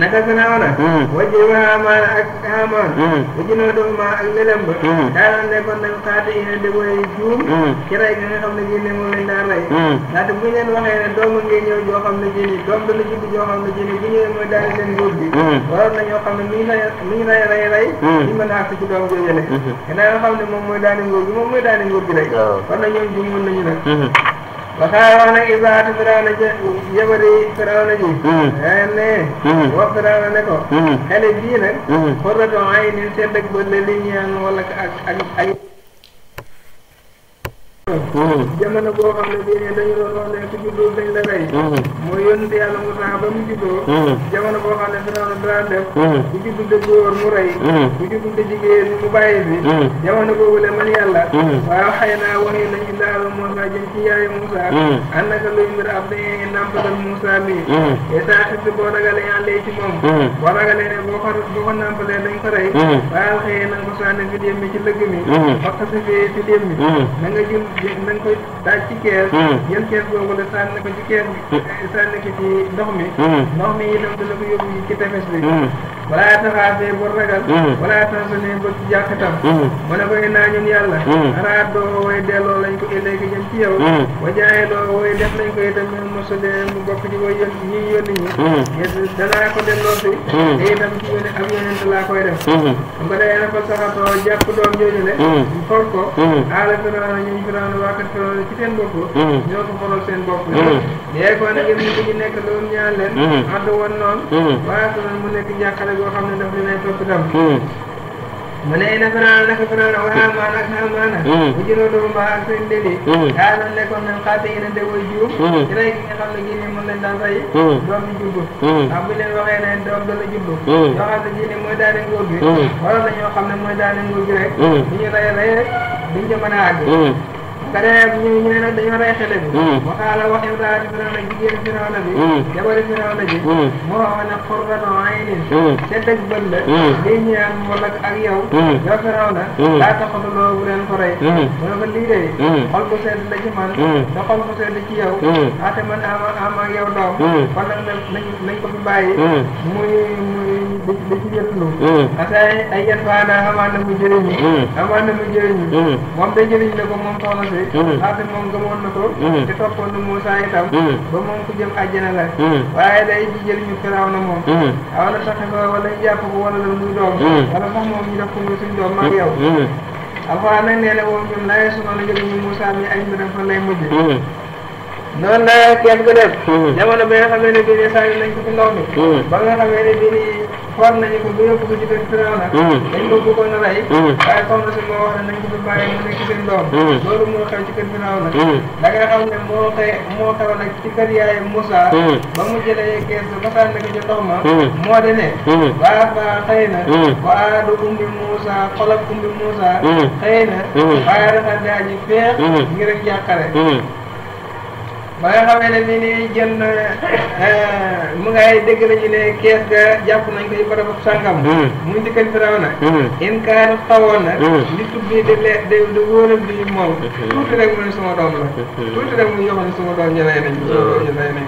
نكسنا ولا وجهها ما هامان وجنودهما ak lëlëm ba mm. daanoon nekkoon nañ xaati yi ne dëggoy juum mm. ci rey gi nga xam ne jii ne moom lañ daan rey mm. ndaxte bu ñu leen waxee ne doomu ngi ñëw joo xam ne jii doom dana judd joo xam ne jii bu ñëwee mooy daal seen góor bi waroon na ñoo xam ne mi ngi rey rey rey ñu mën a àgg ci doom joojale mm-hmm. gannaaw nga xam ne moom mooy daani ngóor bi moom mooy daani ngóor bi rek war na ñoom juum mën Mm-hmm. Mm-hmm. wa Firawna is baatu Firawna jë jëbëri Firawna ji. yaa ngi ne. wax Firawna ko. Mm-hmm. xale bii nag. xurratu aynin seen dëkk ba la li ñu ak ak ak. jamono boo xam ne bii ne dañu doon wax ne ku juddoo dañ la rey hmm. mooy yonent yàlla Musaa ba mu juddoo hmm. jamono boo xam ne Firawna daan def bu hmm. juddul de góor mu rey bu juddul de jigéen mu bàyyi bi jamono boobu le man yàlla waaw xëy naa waxi nañu daal Musaa jëm ci yaayu Musaa an naka luy mbir ab dañuy nàmpatal Musaa bi etaa xibti boo ragalee yàlla ci moom boo ragalee ne boo ko boo ko nàmpalee dañ ko rey waaye xëy na nga ko sànni fi démb ci lëgg mi wax ko sa fee ci démb mi na nga jël yéen nañ koy daaj ci kees. jël hmm. kees googu la sànni ko ci kees bi. Hmm. sànni ko ci ndox mi. Hmm. ndox mi itam dina ko yóbbu ci tefes bi. wala taxaafee bul ragal wala taxsane bul ci jàkkatam hmm. mu ne ko innaa ñun yàlla hmm. araat doo way delloo lañ ko illéegi jëm ci yow hmm. wajaaye doo way def lañ ko itam mu mosode mu bokk ci way yón ñuy yónni ñi danaa ko delloo si te itam ci yónni ab yónent laa koy def am ko dee na fa saxatoo jàpp doom jooju le mu xool ko aala firaana ñun firaana waakat firaana ci seen bopp ñoo ko xoolal seen bopp léegi kon yéen ñi nekk loolu ñaan leen ànd woon noonu boo xam ne daf ñu lay topp dam hmm. mu ne ina fanaan naka fanaan wa hamaan hmm. ak haamaana bu jëloo doomu mbaa ak seen dëli daa doon nekkoon nañ xaate ina de way juum hmm. ci rey gi nga xam ne gii nii moom lañ daan fay doom bi jubbu ndax bu leen waxee ne doom dana jubbu yoo xam ne gii nii mooy daane nguur gi waroon nañoo xam ne mooy daane nguur gi rek bu ñu rey rey rek duñ ca mën a àgg kadeer ñu ñu ne nag dañoo rey xale bi hmm. waxaala waxew daal di firaw na jigéen firaw na bi hmm. jabari firaw na ji hmm. moo xam ne xurratu aynin sedd ak bët la lii ñu naan mu lak ak yow yow firaw na laa taxatu loo bu leen ko rey mën ko lii de xol bu sedd la ci man te xol bu sedd ci man am am ak yow doom kon nag nañ ko li li ci jot lu. asaay ay yan faana xamaan na mu jëriñu. Hmm. xamaan na mu jëriñu. Hmm. moom de jëriñ la ko moom soxna si. xaaral hmm. moom gëmoon na ko. te toppoon na Moussa itam. ba moom ku jëm àjjana la. waaye day ci firaaw na moom. aw na sax nga wala ñu jàpp ko wala la muy doom. wala moom ñu def ko muy suñu doom ak yow. alxuraan nee na woon ñoom laajee su ma la jëriñu Moussa mi ay mbiram fan lay mujj. noonu la kenn ko def. Hmm. jamono bi nga xamee ne saa nañ ko ci ndox mi. Hmm. ba nga xamee ne bii nii xool nañu ko bu yóbbu ko ci kër Firawna. Hmm. dañ ko bëggoon a rey. waaye soxna si moo wax ne nañ ko fi bàyyi mu nekk seen doom. loolu moo xew ci kër Firawna. da nga xam ne moo xew moo xew nag ci kër yaay ba mu jëlee kees ba sànni ko ci ndox moo di ne. waa faa xëy na. waa du umbi Moussa xolab umbi Moussa. xëy na. waaye dafa ngir ak jàqare. ba nga xamee ne mi ni jën eh, mu ngay dégg nañu ne kees ga jàpp nañ koy barab sàngam hmm. muy dikkan firaw na hmm. in kaar xawoon na hmm. li tubbi di lee de di wóoram bi moom tuuti rek mu ne suma doom la tuuti rek mu yoxo ne suma doom ñu rey nañ ñu rey nañ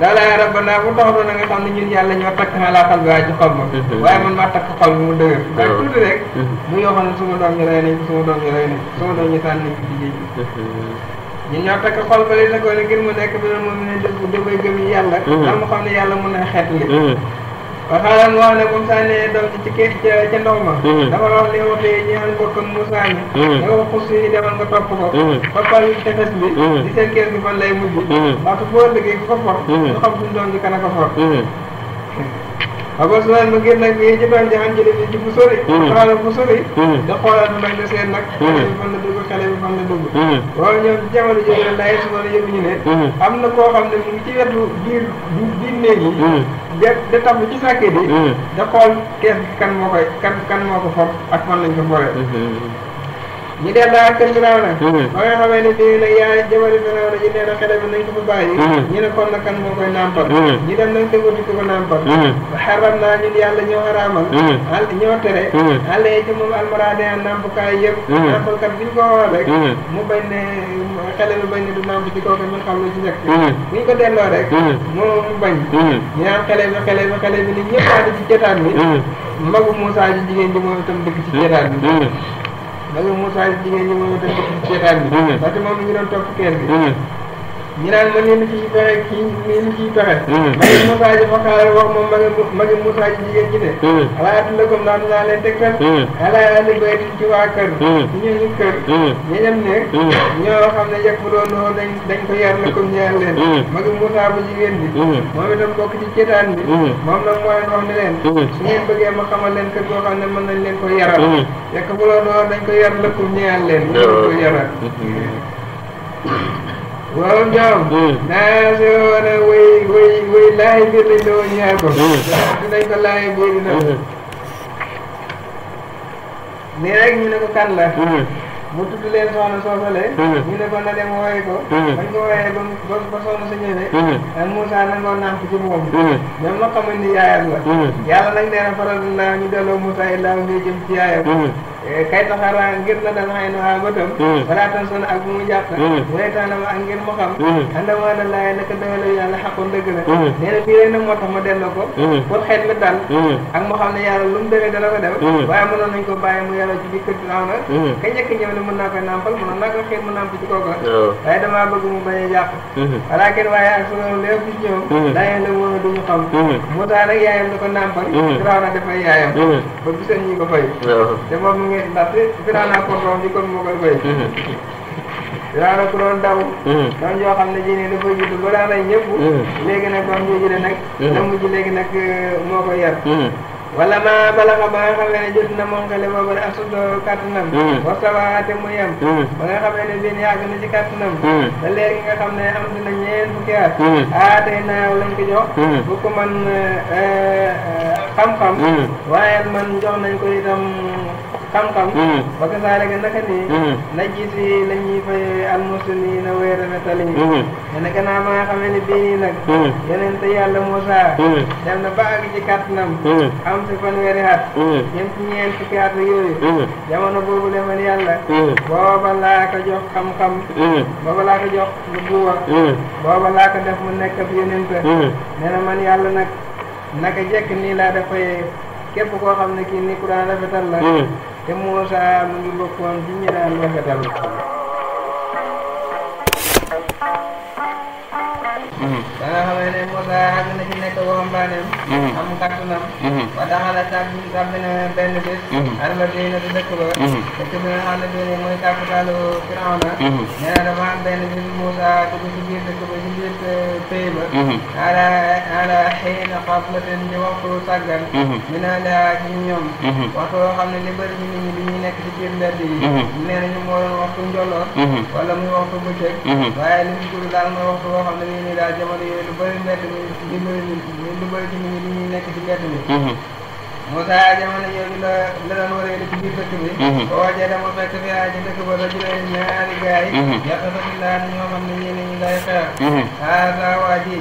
laalaa rabbana bu dox doon nga xam ne ñun yàlla ñoo takk xalaa xal bi waaye ci xol ma waaye man maa takk ne suma doom ñu rey suma doom ñu rey suma doom ñu sànni ñu ñoo takk xol ba li takkoon ngir mu nekk bi moom ne def bu dafay gëm yàlla mm-hmm. ndax mu xam ne yàlla mun na xeet li mm-hmm. waxaalam wax ne comme saa doom ci ci ca ndox ma mm-hmm. dafa wax li wax yi ñaan bokkam Moussa ñi da nga wax xus demal nga topp ko foppal ko xam suñu doom ji kan a ko for Abu Sufyaan mu génn nag ñii ci doon jaxan ji def ji bu hmm. bu hmm. xoolaat bu may na seen nag hmm. fan la dugg xale bi fan la dugg loolu ñoom jamono ji la laye su yëpp ñu ne am na koo xam ne mu ngi ci wetu biir biir néeg yi da da tabb ci sàkke bi da xool kees gi kan moo koy kan kan moo ko fob ak fan lañ ko foree ñu delloo ak kër Firawna. ba nga xamee ne bii nag yaay jabari Firawna ji nee na xale bi nañ ko fa ne kon nag kan moo koy nàmpal. ñu dem nañ ko wuti ko nàmpal. xaram naa ñun yàlla ñoo xaraamal. al ñoo tere. àll yi ci moom almaraade an nàmpukaay yëpp. nàmpalkat bi ñu ko waxoon rek. mu bañ ne xale bi bañ ne du nàmp ci kooku ñun xam lu ci nekk. bu ñu ko delloo rek. mu mu bañ. ñu naan xale bi xale bi xale bi nit ñëpp daal di ci ji jigéen ji moom dañoo Moussa jigéen ñi moom itam ci seetaan bi. parce que moom mi ngi doon topp kër gi. ñu naan ma leen ciy pexe kii leen ciy pexe. Hmm. ma ngi Moussa ji ma xaaral wax moom ma ngi ma ngi ji jigéen ji ne. Hmm. alaati la comme naan naa leen tegtal. Hmm. alaati la béy waa kër. ñu ñu kër. ñu dem ne. ñoo xam ne yegg doon noonu dañ dañ ko yar la comme ñaar leen. ma ngi Moussa bu jigéen bi. moom itam bokk ci ceetaan bi. moom nag moo leen wax ne leen. su ngeen bëggee ma xamal leen kër goo xam ne mën nañ leen ko yaral. yegg doon noonu dañ ko yar la comme ñaar leen. ñu ko yaral. waaw Ndiaw. Hmm. naa se woon a wéy wéy wéy laay bi lañ la woon ñaar ko. waaw dinañ ko laay boobu nag. nee rek ñu ne ko kan la. Hmm. mu tudd leen soxna soosale ñu ne ko na dem wooye ko ba ba sa ñëwee Moussa nangoo nàmp ci moom ñoom ma xamuñ ni yaayam la yàlla nag nee na faral la ñu delloo Moussa illaa ngay jëm ci yaayam eh, kay taxara ngir la dal xay noa bëtam walaa tan sona ak bu mu jàpp waytaanama ak ngir mu xam andama na laay naka dawale yàlla xaqul dëgg la nee na fii rek nag moo tax ma delloo ko pour xeet mi dal ak mu xam ne yàlla lu mu demee dala ko def waaye mënoon nañ ko bàyyi mu yàlla ci biir kër Firawna ka njëkk ñëw ne na naa ko nàmpal mënoon naa ko xëy mu nàmp ci kooka waaye bëgg mu bañ a jàpp walaa mhm. kenn waaye ak solo lépp ci ñëw daañu la moom duñu xam mu taa nag yaayam da ko nàmpal mhm. firaaw na dafay yaayam mhm. ba bisan ñi ko fay te moom mu ngi ndaxte firaaw naa kontoom ji kon moo koy fay daanaka ku doon daw. doon yoo xam ne dafa jiitu ba daan rey ñëpp. léegi nag ba mu léegi nag euh, moo ko yar. wala maa balaxa ba nga xam ne jot na moom xale boobu de asudoo kàttanam wasawaate hmm. mu yem hmm. ba nga xamee ne seen yàgg na ci kàttanam te hmm. léegi nga xam ne am dina ñeent fukki at ah tey naaw lañ ko jox bu ko man eh, eh, xam-xam waaye man jox nañ ko itam xam-xam wa hmm. kazaalika naka nii hmm. najisi la ñuy fay almuslimina way rafetal yi ne hmm. naka naa ma xamee ne bii nag yeneen te yàlla Moussa dem na ba àgg ci kàttanam am si fanweeri at ñeent ñeent fukki at yooyu jamono boobu le man yàlla booba laa ko jox xam-xam booba laa ko jox nubuwa booba laa ko def mu nekk ab yonent nee na man yàlla nag naka jekk nii laa dafay képp koo xam ne kii ni ku daan rafetal la te Moussa mu ngi bokkoon ci ñi daan rafetal hmm. danga xam ne Moussa àgg na ci nekk waxambaaneem mhm. am kàttanam mhm. wa daxala tàbbi tàbbi na benn bés mhm. arba day na du dëkk ba dëkk bi nga xam ne bii ne mooy capitalu Firawna nee na dafa am benn bés Moussa dugg ci biir dëkk ba ci biir euh, pays ba ala ala xëy na xaflaten di waxtu sàggan mi na daa ci ñoom waxtu woo xam ne li bëri ci nit ñi bi ñuy nekk ci biir mbedd yi nee nañu moo doon waxtu njolloor wala muy waxtu bëccëg waaye li mu gudd daal mooy waxtu woo xam ne nii nii daal jamono yooyu lu bëri mbedd mi di bëri lu may lu muy nekk ci mbedd mi a jamono yooyu la la doon waree ci biir dëkk bi. boo wàccee dama fekk fi aay ci dëkk ba rajuleen ñaari gaay. yaqtasifaani ñoo xam ne yéen a ngi lay xeex. haasa waa ji.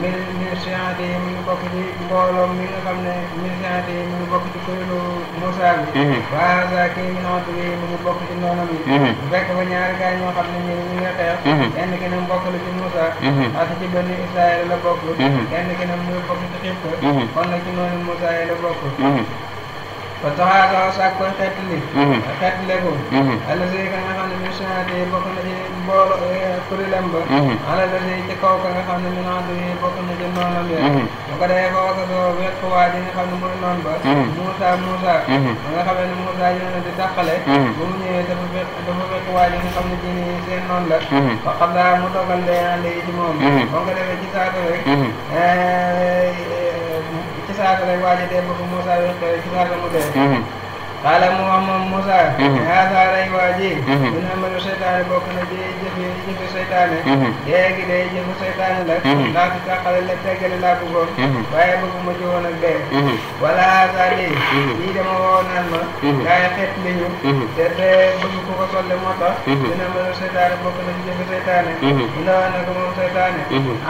min min siyaante yi mi ngi bokk ci mbooloo mi xam ne min siyaante yi mi ngi bokk ci kuréelu Moussa bi. waa haasa min ot bi mi ngi bokk ci noonam yi. bu fekk ba ñaari gaay ñoo xam ne ñoom ñu ngi la ci Moussa. parce que ci benn Israël la bokk. ki ne mu ngi la bokk. ba taxaa taxaw saak koy xeetali xeetale ko alasi ka nga xam ne mi soate bokk na ci mboolo eh, kuréelam ba alalasi ci kaw ka nga xam ne min adyi bokk na ci noonam ya bu ko defee fa waka so wet ko waa ji nga xam ne mooy noon ba Moussa Moussa ba nga xamee ne Moussa yéne di dàqale bu mu ñëwee dafa fekk dafa fekk waa ji nga xam ne jini seen noon la fa xam daa mu dogal leen léegi ci moom boo ko defee ci Isaaqa lay waaj a dee ba ko Moussa wéqee ci saaka mu dee قال محمد موسى هذا رأي واجب من عمل الشيطان بوكنا جي جف جف الشيطان يجي دي جف الشيطان لك لا تتقل لك تقل لا بغو واي بغو مجوهن بي ولا هذا لي لي دم وانا ما لا يخط لي تد بغو كو صلى موتا من عمل الشيطان بوكنا جي جف الشيطان إن أنا كم الشيطان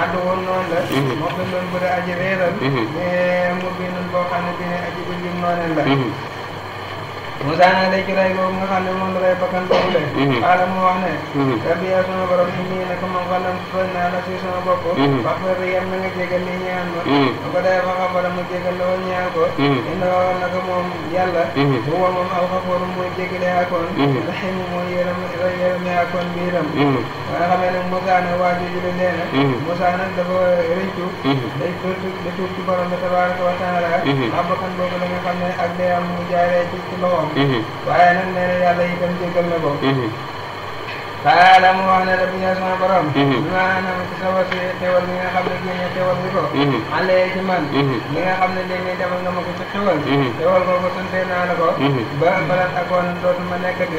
عدو نون لك مبين بر أجي ريرا مبين بوكنا بين أجي بجي نون لك Moussa nag day ci ray nga xam ne moom la ray bakkan boobu de mhm. xaala mu wax ne mhm. rabbi yow mhm. na nga jégal ni ñaan a ko nga xamee ne Moussa nag waa jooju de nee na Moussa nag da tabaraka wa taala ak bakkan boobu la nga xam ne ak dayam mu jaaree ci ci loxo moom mm-hmm. waaye nag nee na yàlla itam jéggal na ko xaala mm-hmm. mu wax ne la bi ñaa sama borom mm-hmm. bi ma nam ci sa wasi xewal mi nga xam ne génne xewal bi ko àllee ci man mi nga xam ne léegi defal nga ma ko ci xewal xewal kooku sante naa la ko ba balat akoon dootuma nekkati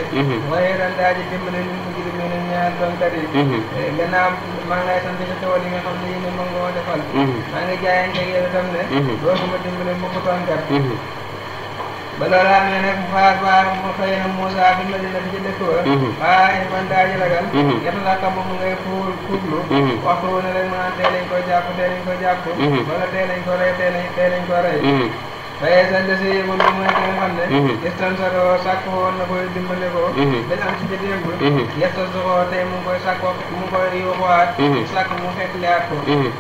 waaye ran daa ji dimbale ñun mu jidi mii ne ñaar doonkat yi eh, gannaaw maa ngi lay sant ci xewal yi nga xam ne yéen ne moom nga ma defal maa ngi jaayante yow itam ne dootuma dimbale mu ko doonkat ba loolu amee nag mu xaar baar mu xëy na Moussa bi ma dina fi dëkk ba. Mhm. ah il man daa ji ragal. gerte mhm. laa ko moom ngay fuul fuuglu. Mhm. waxtu wu ne rek mu ko jàpp teel ko jàpp. wala teel ko rey teel ko rey. waaye sa des yi moom moom mooy ki nga xam ne. yestan mhm. saroo sàkk woon na koy dimbale ko. dañ mhm. am ci biir yëngu. yestan saroo tey mu ngi koy sàkkoo mu ngi koy yóbbuwaat. Mhm. sàkk mu xeet leer ko.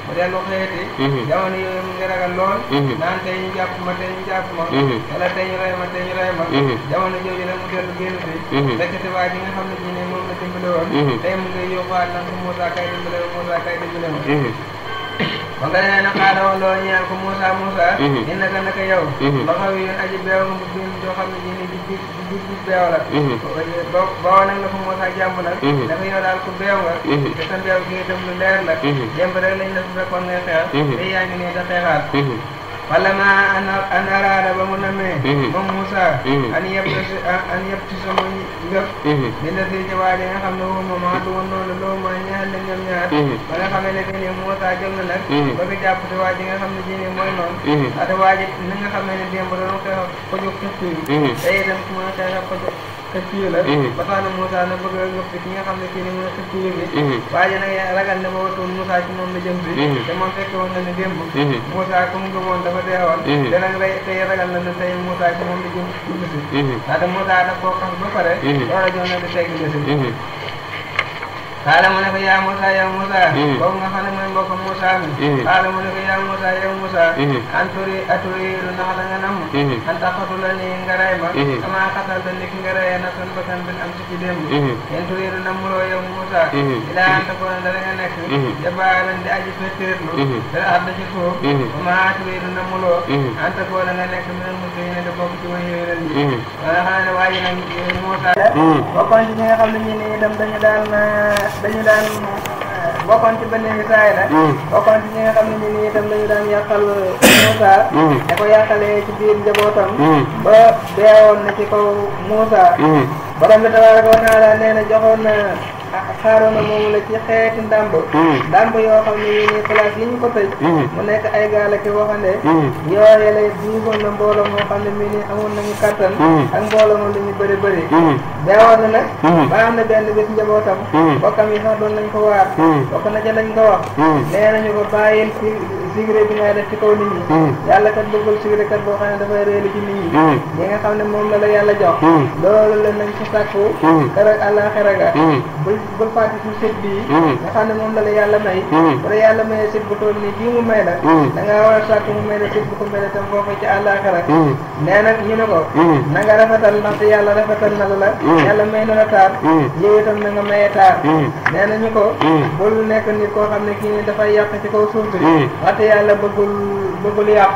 mu dellu xeeti. jamono yooyu mu ngi ragal lool. naan tey ñu jàpp ma tey ñu jàpp ma. wala tey ñu rey ma tey ñu rey ma. jamono jooju nag mu dellu génn fi. fekkati waa ji nga xam ne ji ne moom la dimbale woon. tey mu ngi yóbbuwaat nag mu Moussa Kay dimbale ma Moussa Kay dimbale ma. ba nga nee na xaaral loo ñeel ko Moussa Moussa. Mhm. in naka naka yow. Mhm. ba xaw yoon aji beew mu beew la. Mhm. ba ba na ko Moussa jàmm nag. dafa yow daal ku beew beew gi itam lu leer la. démb rek lañ la su fekkoon ngay xeex. te yaa ngi nii da xeexaat. فلما أن أن أراد بمنمه moom Moussa. an yab an yab na sama ngëf. ñu ne fii ci waa ji nga xam ne moom moo du woon noonu loolu mooy ñaar la ñoom ñaar. Mhm. ba nga xamee ne bii nii Moussa jël na nag. Mhm. ba fi jàpp ci waa ji nga xam ne bii nii mooy noonu. Mhm. ate waa ji ni nga xamee ne démb doon xeex ko jóg ci kii. te itam ku mën a xeex ko kii la mhm. ba tax na Moussa na bëgg a yokk ki nga xam ne kii ne mën a ëpp yëg bi mhm. waaye nag ragal ne ba wattu Moussa ci moom la jëm si mhm. te moom fekk woon na ne démb Moussa comme gëmoon dafa deewoon te nag lay tey ragal na ne tey Moussa ci moom la jëm si ndaxte Moussa nag koo xam ba pare war a jox na di tegg xaala mu ne ko yaa Moussa yaa Moussa hmm. boobu nga xam ne mooy mbokk Moussa mi xaala hmm. mu ne ko yaa Moussa yaa Moussa hmm. anturi aturi lu ndax da nga nam an taqatu la ni nga ray ma amaa xatal da ndik nga rayee na son bakkan bin am si ci démb en turi lu namuloo yow Moussa ilaa anta ko na dara nga nekk jabaaran di aji fettéerlu dara adda ci suuf amaa turi lu namuloo anta ko na nga nekk min muslimin da bokk ci way yéwénal ñi wala xam ne waaye nag Moussa bokkoon ci ñi nga xam ne ñi nii dem dañu daan dañu daan euh, bokkoon ci benn bi saay la. Mm. bokkoon ci ñi nga xam ne nii itam dañu daan yàqal euh, Moussa. Mm. da ko yàqalee ci biir njabootam. Mm. ba deewoon na ci kaw Moussa. borom bi tabaaraka wa taala nee na joxoon na. Ah, xaaroona moomu la ci xeeti ndàmb hmm. ndàmb yoo xam ne yéen place yi ñu ko tëj hmm. mu nekk ay gaale ki ne yooye lay duugoon na mbooloo moo xam ne mii nii amoon nañu kattan hmm. ak mbooloo moom li ñu bëri bëri deewoon na nag ba na benn bis njabootam bokkam yi sax doon nañ ko waar bokk na ca lañ ko wax nee nañu ko bàyyil ci sigré bi ngay def ci kaw nit ñi yàlla kat bëggul sigré kat boo xam ne dafay réelu ci nit ñi ñi nga xam ne moom la la yàlla jox loolu la nañ ko sàkku keroog àllaaxira ga bul fàtte ci sit bii hmm. nga xam ne moom la la yàlla may hmm. bu la yàlla mayee sit bu toll nii bii mu may la hmm. da ngaa war a mu may la sit bu ko may la tam foofu ci àllaaxira nee nag ñu ne ko na nga rafetal ndaxte yàlla rafetal na la la yàlla may na la taar yow itam na nga mayee taar nee na ñu ko bul nekk nit koo xam ne kii ne dafay yàq ci kaw suuf bi waxte yàlla bëggul bëggul yàq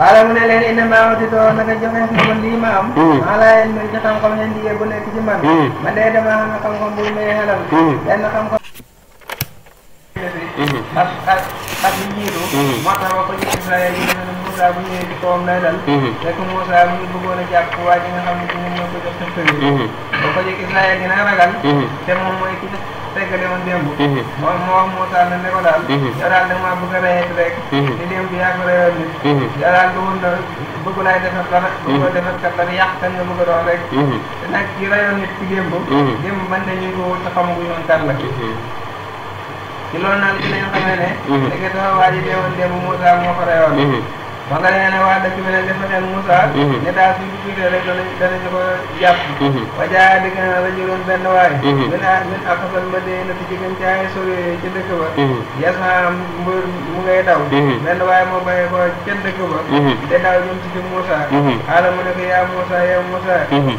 xaala mu ne leen ina maa wuti doo naka joxe na ma lii ma am hmm. maa laa yeen min ci xam-xam ne liggéey bu nekk ci man hmm. man de dama xam xam-xam bu may xelal hmm. benn xam-xam ak ak ak jiitu moo tax ba ko ñu Israël yi ne Moussa bu ñëwee ci kawam lay dal fekk Moussa mu ngi bëggoon a jàpp waa ji nga xam ne ci moom mooy ko jox seen kër yi ba ko jëg Israël dina ragal te moom mooy ki teggale woon démb mhm. moom moo wax Moussa ne ne ko daal mhm. yow daal da nga maa bëgg a reyati rek mhm. ni démb yaa ko reyoon nit yow daal du woon la bëggu laay defar dara bëggu defar kat dara yàq kan nga a doon rek te nag ki reyoon nit ci démb démb man ne ñu ngi wut te xamaguñ woon kan la ci loolu naan ci lañ xamee ne da nga taxawaay yi deewoon démb Moussa moo ko reyoon wax nga nee na waa dëkk bi ne def nañ ak Moussa. Mhm. ne daal suñ ko tuddee rek danañ danañ ko jàpp. wajaa mhm. dikk na la juróom benn waay. min a min aqsal madina ci gën caay sori ba. Mhm. yas mu ngay daw. benn waay moo ko ca dëkk ba. te daw jëm ci ci Moussa. xaala mu ne ko yaa Moussa yaa Moussa.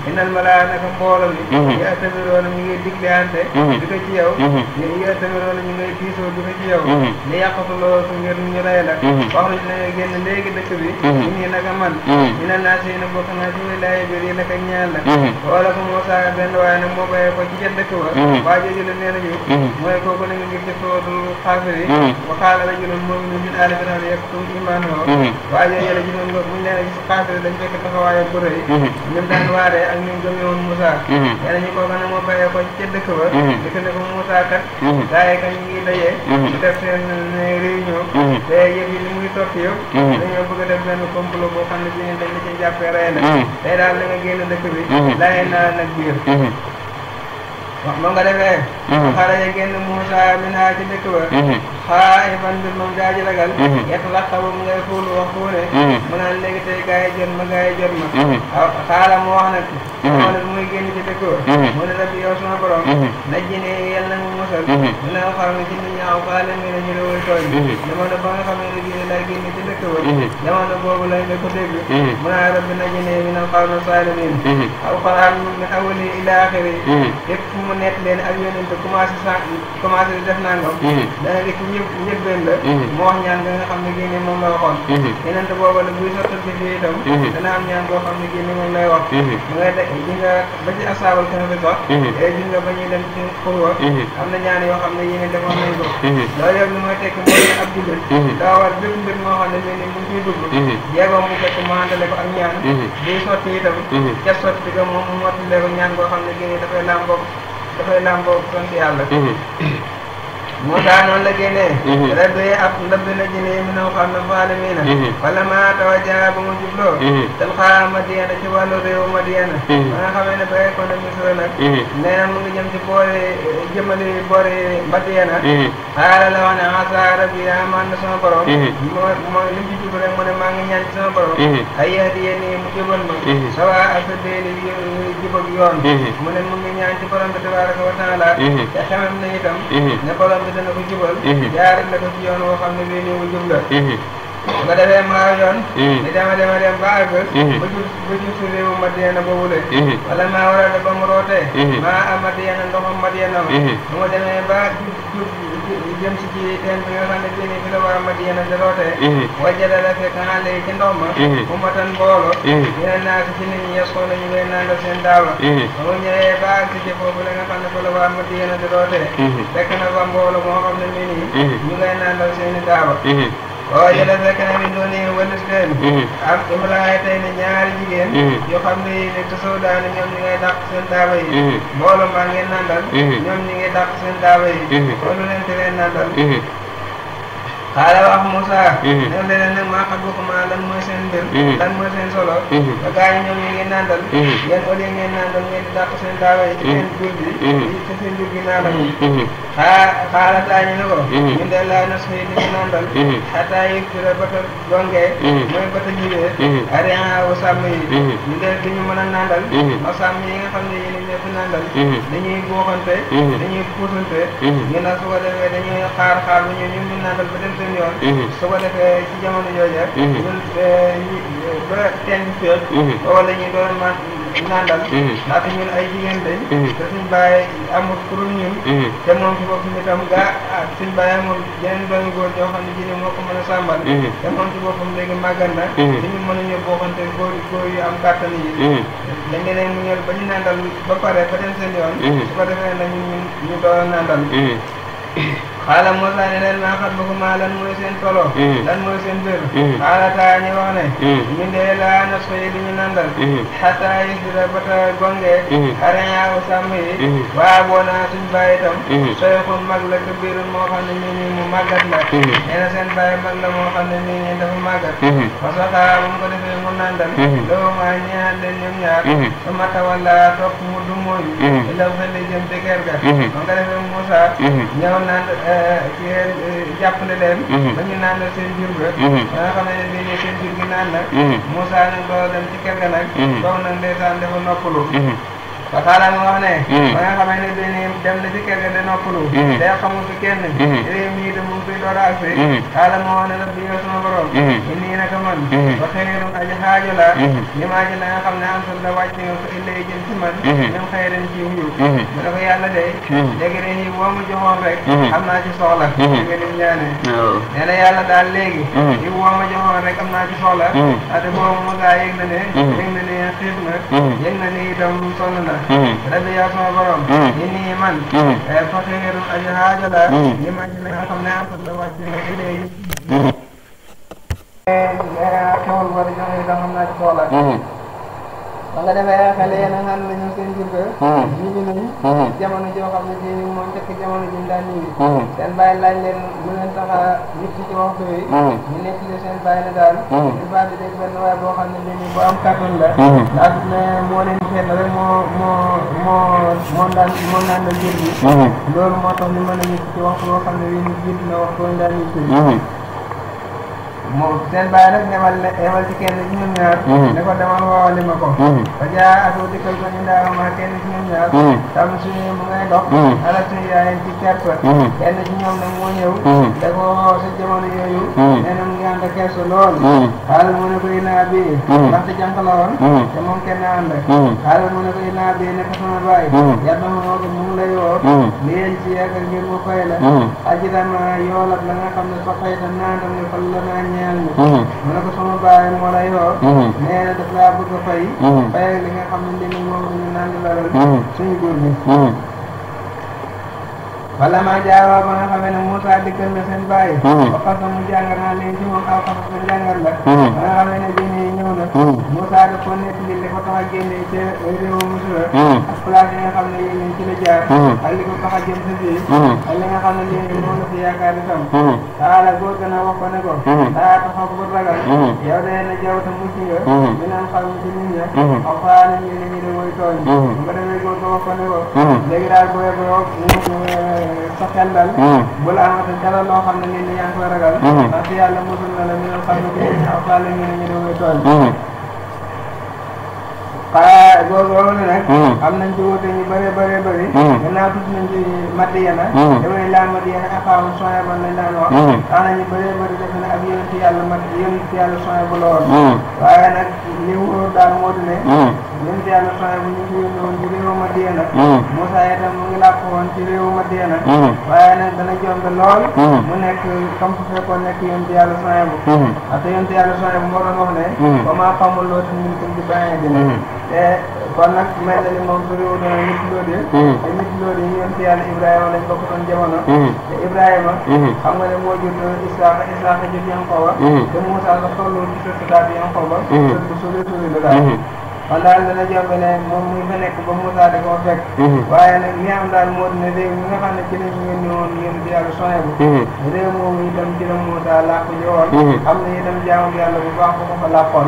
innal malaa naka mbooloo mi. yastamiroona ñu ngi digleante. di ko ci yow. yastamiroona ñu ngay diisoo di ko ci yow. ni yàqatu loo su ngir ñu rey la. ne génn dëkk bi ñun mhm. ñi naka man mhm. ñu ne naa seen bokk naa ci wilaaya a lii naka ñaan la mhm. wala ko moo saaka benn waaye nag moo bàyyee ko ci jël dëkk ba waa jooju la nee nañu mooy kooku nañu ngir jëfewootul xaafiri ñu min aali fanaan yegg tum imaan oo waa jooju la bu rëy ñun daan waaree ak ñun gëmee woon Moussa yàlla ñu kooku nag moo bàyyee ko ci jël dëkk ba dëkk ne ko Moussa kat gaa yi kañ ngi dajee ñu def seen réunion te yëf yi li muy topp yëpp dañoo bëgg a def benn complot boo xam ne bi ne dañ la ci jàppee rey la day hmm. daal na nga génn dëkk bi hmm. laayeen naa nag biir hmm. wax ma nga defee xaraja mhm. génn Moussa min ha ci ba xaa mhm. ifan bir moom daaji ragal mhm. yet laqa ba mu ngay fuulu wax fuune mu naan léegi tey gaa yi jot ma gaa yi jot ma xaala mu wax ci dëkk ba mu rabbi yow sama borom najji ne yal na mu musal mu ne xaw ma ci nit ñaaw xaa la ngeen ñu la woy tooñ jamono ba nga xamee ne génn laa génn ci dëkk ba jamono boobu lañ la ko dégg mu naan rabbi najji ne min al qawmi salimin aw xoraan min awali ila axiri mu nekk leen ak yonente commencé sànq commencé def nangam. Mhm. dana nekk ñëpp ñëpp benn la. Mhm. mu wax ñaan nga xam ne génne moom la waxoon. Mhm. yonente boobu la buy ne génne moom lay wax. mu ngay de di nga eh, na ñaan yoo xam ne yéen a defoon nañ ko. loolu yëpp li may tekk mooy ne ab jullit. daa ñaan. buy sotti ne génne dafay dafay làmboo kon yàlla Moussa noonu la mhm. génnee. rabbi ab ndab la jëlee ñu ne xam ne faale mii na. Mhm. wala maa taw a jaa ba mu jubloo. Mhm. dal xaa Madiana ci wàllu réew Madiana. ba nga xamee ne bay ko na Misra nag. nee na mu ngi jëm ci boori jëmale boori Madiana. xaaral la wax ne asaa rabbi amaan na sama borom. moo moo li mu ci jublu rek mu ne maa ngi ñaan ci sama borom. ay yéex di yéen mu jubal ma. sawa ak sa déeli jubag yoon. mu ne mu ngi ñaan ci borom bi tabaraka wa taala. te xamam na itam ne borom bi ne dana ko jubal mhm. jaarale la ko ci woo xam ne bii nii mu jub la mhm. defee maa yoon di mhm. dema dema dem ba àgg ba jub ba jub si réewu Madiana boobu la wala maa war a ba mu rootee maa a Madiana ndoxam Madiana mu demee ba ñu jëm si ji teen bi nga xamante ni fi la waa Madiyana di rootee wajada la fekk xaale yi ci ndox ma bu ma tan mbooloo dina naa si ci na seen daaw la ba mu ñëwee ba ak si nga xam ne la waa Madiyana di rootee fekk na fa mbooloo moo xam ne mi nii ñu ngay i waaw yéen a fekk na mi doon nañu wëllis leen. Mhm. am imraayatayni ñaari jigéen. Mhm. yoo xam ne yéen a tasaw ñoom ñi ngay dàq seen daaba yi. Mhm. mbooloo maa ngeen nandal. ñoom ñi ngay dàq seen daaba yi. wala leen te leen nandal. xaala wax Moussa mhm. ne nag maa xat waxumaa lan mooy seen mbir mhm. lan mooy seen solo mhm. ba gars yi ñoom yi ngeen nandal yéen au lieu ngeen nandal ngeen bi i te ne ko ñun yi di bata dongee mooy bata jiwee aréa wa sàmm yi ñu de du mën a nandal wa sàmm yi nga xam ne yéen ñoo fi nandal dañuy buuxante dañuy puusante ñu ne su defee dañuy xaar xaar bu ñu ñu di nandal ba dem suñu yoon. Mhm. su ko defee ci jamono jooju rek. ba teen bi féet. wala doon mhm. man nandal. Mhm. ndax ñun ay jigéen lañ. te suñu bàyyi amul pour ñun. te moom ci boppam itam gaa ah suñu bàyyi amul yeneen doomi góor yoo xam ne jigéen moo ko mën a sàmbal. te moom ci boppam léegi màggal na. te ñu mën a ñëw bokkante góor góor yu am kàttan yi. dañ leen ba ñu nandal ba pare ba dem seen yoon. su ko defee nag ñu doon nandal. xaala Moussa ne leen maa xam ko maa lan mooy seen tolo hmm. lan mooy seen bér hmm. xaala taa ñu wax ne ñu hmm. dee laa nos ko yi di ñu nandal xataa yi sida ba ta gongee xarañaawu sàmm yi waa boo naa suñ bàyyi itam soyxun mag la ka biirun moo xam ne nii nii mu màggat la nee na seen bàyyi mag la moo xam ne nii nii dafa màggat parce que bu mu ko defee mu nandal doo maa ñaan leen ñoom ñaar su ma tawal laa topp mu du mooyu ilaw xel jëm ci kër ga ba nga defee Moussa ñëw doon naan eh, ci eh, jàppale leen mhm. ba ñu naan la seen jur ga mhm. nga xam ne bii seen jur gi naan la mhm. Moussa nag dem ci kër ga nag toog nag ndeysaan dafa noppalu Fakala mu hmm. wax ba nga xamee ne bii nii na ci kër ga de noppalu. Hmm. day xamul fi kenn. Hmm. réew mii de mu ngi koy door a agsi. xaala moo wax ne la bii yow nii naka man. ba xëy na aji xaaju la. li la nga xam ne am na la wàcc nga ko illa yi jëm ci man. na ci wuyu. mu ne ko yàlla de. léegi de nii boo rek. am naa ci soxla. li oh. na yàlla daal léegi. li boo ma joxoon rek am naa ci soxla. ate boobu mu gaa yëg na ne. yëg na ne xiif na. yëg na ne itam rabbi yaa sama borom yi nii man hmm. faqiirun aji haajo la li ma ci nga xam ne am hmm. la wàcc nga ileeyi xewal wala joxe la xam naa ci tool ba defee xale yi nag ànd nañu seen jur ga. Hmm. ñu ngi nañu. Hmm. jamono joo xam ne bii moom fekk jamono hmm. a nit ci waxtu yi. nekk seen bàyyi la daal. ñu baax di dégg benn waay boo xam ne bii nii moo leen xeet rek moo moo moo moo naan la jur gi. loolu moo tax ñu mën a nit ci waxtu boo xam ne bii nii jiitu na waxtu woon daan ñuy moom seen bàyyi nag ñamal ne ñamal ci kenn ci ñoom ñaar. Mm-hmm. ne ko demal woowali ma ko. ba mm-hmm. jaa atuu dikkal ko ñu ndaw ma kenn ci ñoom ñaar. Mm-hmm. tam suñu mu ngay dox. ala suñu yaayeen ci kersa. kenn ci ñoom nag moo ñëw. da ko woo sa jamono yooyu. nee na mu ngi ànd kersa lool. xaaral mu ne ko inaa bii. ndaxte jànq la woon. te moom kenn ànd. xaaral mu ne ko inaa bii ne ko sama bàyyi. yàlla na ma ko mu ngi lay woo. li yéen ci yaakaar ngir mu fay la. aji dama yoolab la nga xam ne sa fay la naan nga fa la naa ñaan ñu mu ne ko sama baay moo lay woo nee na daf laa bëgg a fay fayal li nga xam ne ndimi moom ñu naan la suñu góor bi wala maa jaawaa ba nga ne Moussa ko ne bi nii ñëw na Moussa da ko nekk li ko tax a génnee ca réewu Misra ak place yi xam ne yéen ñun ci la jaar ak li ko tax a jëm sa fii ak li nga xam ne léegi moom la fi yaakaar itam ne ko daa taxaw bu ragal yow dee na jaw ta mucc ci nit aw faana ñi ne ñu de ne ko sa dal hmm. bu la amati dara xam ne nit ñi yaa ngi koy ragal parce hmm. yàlla mosul na la ñu ne ko aw xaale ñu ne ñu dooy tooñ xaa boobu loolu nag am nañ ci wute ñu bëree bëree bëri hmm. gannaaw tudd nañ ci Madiyana damay laa Madiyana axaahum Shuayban lañ daan wax tax nañu bëree bëri def ne ab yonent yàlla mat yonent yàlla Shuayb la woon waaye nag li wóor daal moo di ne yéen yàlla saa yi ñu ngi woon ci réewu Madiana. Mm. Moussa itam mu ngi làkk woon ci réewu Madiana. Mm. waaye nag dana jombe lool. Mm. mu nekk comme su fekkoon nekk yéen yàlla saa yi bu. parce ne. ba maa xamul loo ci ñun tamit bàyyi dina. te kon nag mel na ni moom su réew dana nit loo de. te nit loo de yéen yàlla Ibrahima lañ Ibrahima. xam nga ne moo jur Isaaxa Isaaxa jur Yankoba. te Moussa sax tollul ci sëtu daal kon daal dana jombe ne moom muy fa nekk ba Moussa da koo fekk mhm. waaye nag li am daal moo dina réew mi nga xam ne ci lañ yónni woon yéen di yàlla soné bu mhm. réew moomu itam ci la Moussa làkk ji woon mhm. am na itam jaamu yàlla bu baax bu ko fa làkkoon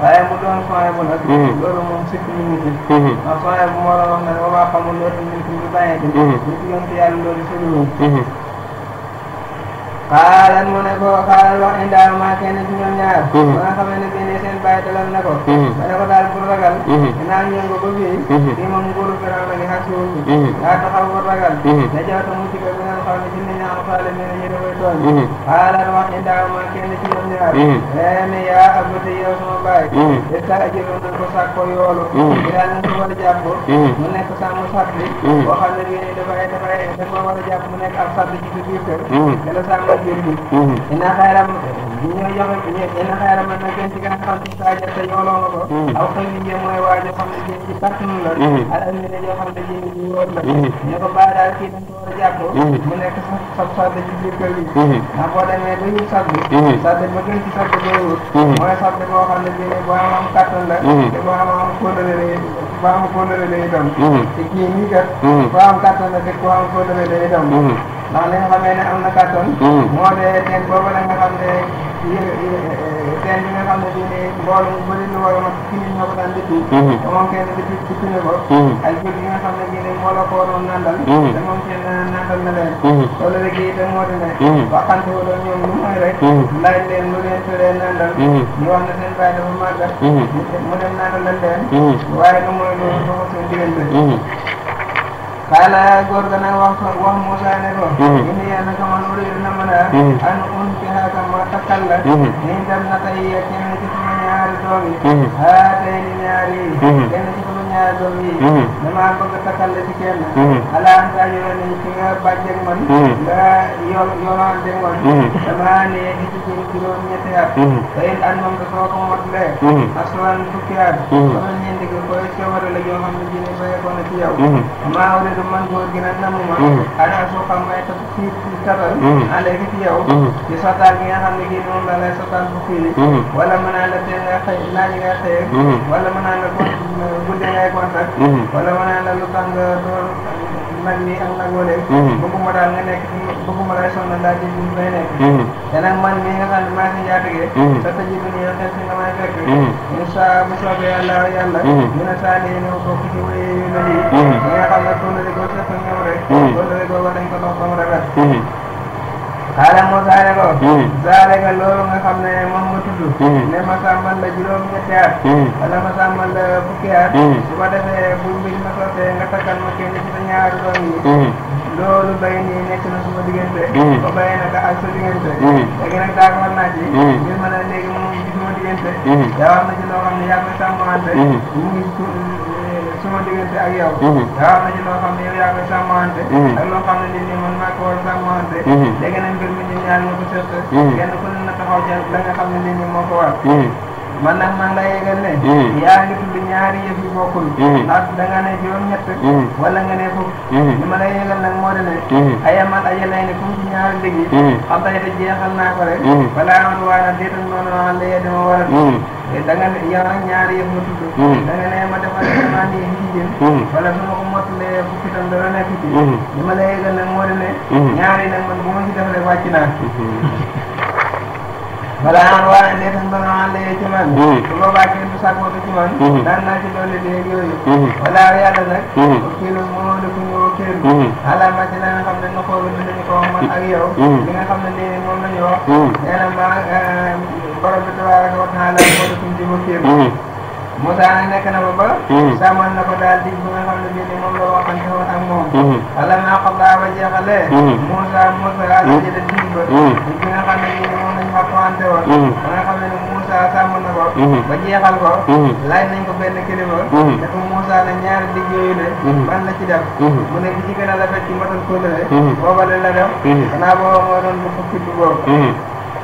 waaye mu doon soné bu nag loolu moom sikk ñu ngi ci ndax soné bu moo doon wax ne ba maa xamul loolu nit ñi bàyyi di ñu ci yonte yàlla loolu sëriñ xaaral mu ne ko xaaral wax indaa maa kenn ci ñoom ñaar. ba nga xamee ne bii ne seen bàyyi dalal na ko. ba ne ko daal pour ragal. dinaa ñëw nga ba fii. fii moom nguuru Firaw na ngi xas suuf bi. daa taxaw pour ragal. da jawta mu ci ko bi nga xam ne jënd ñaar xaale mi ne ñu dafay tooñ. xaaral wax indaa maa kenn ci ñoom ñaar. leen yaa abati yow sama bàyyi. ista ajiru na ko sàkko yoolu. dinaa leen ko war a jàpp. mu nekk sàmm sàtt bi. boo xam ne bii ne dafay dafay dafa war a jàpp mu nekk ab sàtt ci sa biir kër. jënd. dina xayram ñoo joxe dina xayram na gën ci gën a xam ci saa jënd yooloo nga ko. aw xëy na jéem mooy waa joo xam ne jënd ci kàttanu la. alhamdulilah yoo xam ne jënd ji wóor la. ne ko baax daal kii dañ ko war a jàpp. mu nekk sab sàdd ci biir kër gi. ndax boo demee ba ñuy sàdd. sàdd ba gën ci sàdd boobu. mooy sàdd boo xam ne bii boo am am kàttan la. te boo am am kóolare lay boo am kóolare lay doon. te kii nii kat. boo am kàttan la te boo am kóolare lay doon. noonu la nga xamee ne am na kàttan. moo mm. dee teen boobu la nga xam ne yéen teen bi nga xam ne bii nii mbooloo mu bëri lu war a mot ci nit ñoo ko daan dëkk. Mm-hmm. te moom kenn du ci ci suñu bopp. Mm-hmm. ay jur yi nga xam ne bii nii moo la ko waroon nandal. Mm-hmm. te moom kenn nandal na leen. loolu rek yi itam moo di ne. waxante wu doon ñoom lu mooy rek. laaj leen lu leen turee nandal. ñu wax ne seen bàyyi dafa màggat. mu dem nandal leen. waaye lu mooy loolu dafa suñu diggante. xaala góor ga nag wax wax Moussa ne ko. indi mhm. yàlla naka man uriidu na mën a. Mhm. an unkihaaka ma takkal la. Mhm. nii dem na tey kenn ci sama ñaari doom yi. ah tey ni ñaari yi. ñaari doom mm-hmm. yi damaa bëgg a takkal la ci kenn mm-hmm. alaa nga yore nañ ki nga bàjjeeg man nga yoon yoonaanteeg man mm-hmm. damaa ne ci jëm juróom ñetti at dayin at moom da soo ko motlee aslan fukki at sama ñeenti gi koy coobare la yoo xam ne jine bayekoona ci yow maa wala man góor gi nag namu ma ana soo xam may taf ci tatal àndeki ci yow ci sotaal gi nga xam ne gii moom la lay sotaal fukki wala mën naa la tee nga xëy naa wala mën naa la euh, bu dee nga ay contact mhm. wala ma naan la lu tax nga doon mel nii ak nag wala mhm. bëgguma daal nga nekk bëgguma lay sonal daal di ñu lay nekk mhm. te nag man mii nga xam ne maa si njaatige sa sa jibi ni yow si nga may fekk insa bu soobee yàlla yàlla dina saa nii ñëw bokk ci wéy yu nga xam ne kóllëre goo sa ñëw rek kóllëre goo dañ ko dox ba mu rafet xaala Moussa ne ko zalika loolu nga sama diggante ak yow waaw mhm. nañu loo xam ne yow yaa ko sàmmante mhm. ak loo xam ne li nii man maa ko war a sàmmante mhm. léegi nag mbir mi ñu ñaar ñoo ko sëq kenn ku ne na taxaw ca la nga xam ne li nii moo ko war man nag man lay yëgal ne. Hmm. yaa ngi tudd ñaari yëf yu bokkul. Hmm. ndax da nga ne hmm. ne fukk. li ne. ayaman ajalay ne fu mu jeexal naa ko rek. balaa amoon waa nag déet noonu noonu la dama war a. Eh, da nga ne ngi ci ne. ñaari nag man bu ma ci defalee wàcc naa. balaa am waaye ndee suñ borom ànd yee ci man su ma wàccee du sàkkootu ci man daan naa ci dolli léegi yooyu wala yàlla nag wakiilu moo dëkk ñu wakiil alaamati la nga xam ne noxooru bi lañu ko wax man ak yow li nga xam ne léegi moom lañu wax nee na ma borom bi tabaaraka wa taala moo dëkk ñu di wakiil Moussa nekk na ba ba. Hmm. sàmmal na ko daal di bi nga xam ne bii nii moom la waxante woon ak moom. wala hmm. maa ko baax ba jeexalee. Hmm. Moussa Moussa a ngi jëlee digg ba. bi nga nga xam ni Moussa sàmmal na ko. ba jeexal ko. laaj nañ ko benn kilifa. ne ko Moussa ne ñaari digg ban la ci def. mu ne bi ci gën a ci matal kóllëre. boobale la def. xanaa booba moo doon fukki boobu.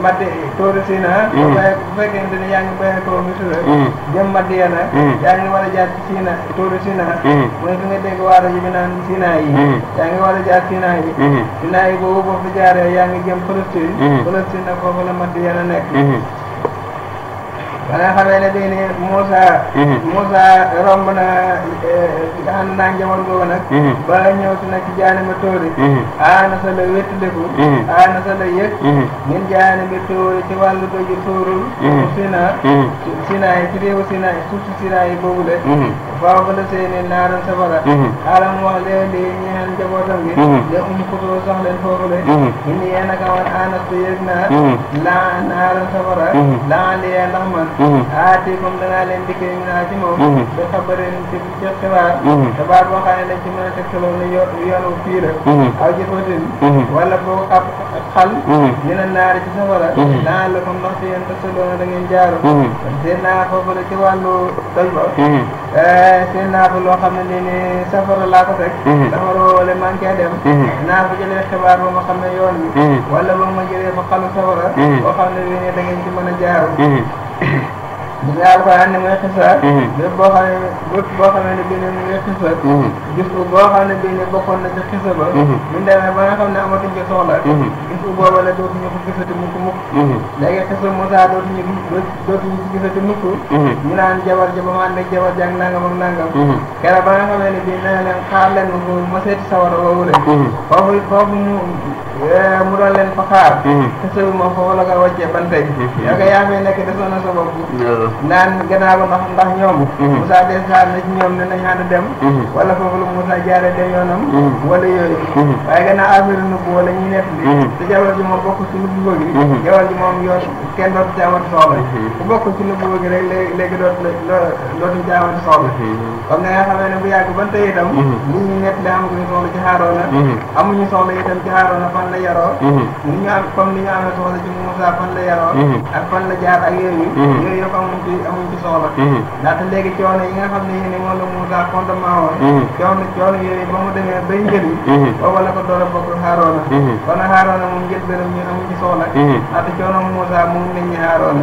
madde tooru siin a mm. bu fekkente ne yaa ngi bayee tooru siin a jëm madde ya nag mm. yaa ngi war a jaar ci siin a tooru siin a mooy fi nga dégg waaro ji bi naan siin a yi mm. yaa ngi war a jaar siin a yi siin a yi boobu boo fi jaaree yaa ngi jëm Palestine Palestine nag foofu la madde ya nekk ba nga xamee ne bii nii Moussa. Mhm. Moussa romb na li eh, nga xam ne naa njaboot googu nag. Mhm. ba ñëw si nag ci jaanima tóori. aana mhm. sa la wétaliku. aana sa la yëg. ñun jaanima tóori ci wàllu doju tóorul. sina sina yi ci réewu sina yi suuf si sina yi boobule. boobu la seeni naaran safara alam wax leen li ñeen njabootam gi da um kutoo sax leen foofule indi yee naka man anastu yëg naa laa naaran safara laa ci moom da xabarin ci ci xibaar xibaar boo xam a tegtaloo ne yoonu fii la aw jëfatin ci safara laa seen naa fa loo xam ne nii nii safara laa ko fekk dama mhm. la woowale maa ngi cee dem mhm. naa fa jëlee xibaar ba ma ne yoon bi mhm. wala ba ma jëlee fa xalu safara boo ne bii ne da ngeen ci mën a jaaru gis nga alxuraan ni muy xisa bépp mhm. boo mhm. boo xam ne bii ne mu ngi xisa u boo xam ne bii na ci xisa ba mhm. buñ demee ba nga xam ne amatuñ u booba la dootuñu ko gisati mukk mukk léegi xisa Moussa dootuñu dootuñu ci gisati mukk ñu naan jabar ja ba mu ànd ak jabar jàng nangam ak nangam keroog ba nga xam ne bii nee leen xaar ma seeti sawara woowu rek foofu foofu mu mu doon leen fa xaar mm-hmm. te sëñ moom foofu la ko wàccee ban tey yoo mm-hmm. ko yaa fee nekk desoon na sa bopp naan gannaaw ndax ndax ñoom Moussa mm-hmm. de saar na ci ñoom ne nañ ànd dem wala foofu la Moussa jaare dem yoonam wala yooyu waaye gannaaw affaire nubb wala ñuy nett bi te jawal ji moom bokk ci nubb gi jawal ji moom yoon kenn dootu ci amati ku bokk ci nubb gi rek léegi léegi dootu dootuñ ci amati soxla kon nga nga xamee ne bu yàgg ban itam la yaroo ni ñu am comme ni ñu amee soxla ci Moussa fan la yaroo mhm. ak fan la jaar a yooyu mhm. yooyu yëpp amuñ ci amuñ ci soxla mhm. ndaxte léegi coono yi nga xam ne yéen moom la Moussa fondement woon coono coono yooyu ba mu demee bay njëriñ booba la ko door a bokk Haarona kon Haarona moom njël benam ñun amuñ ci soxla ndaxte coono Moussa moom lañ ñu Haarona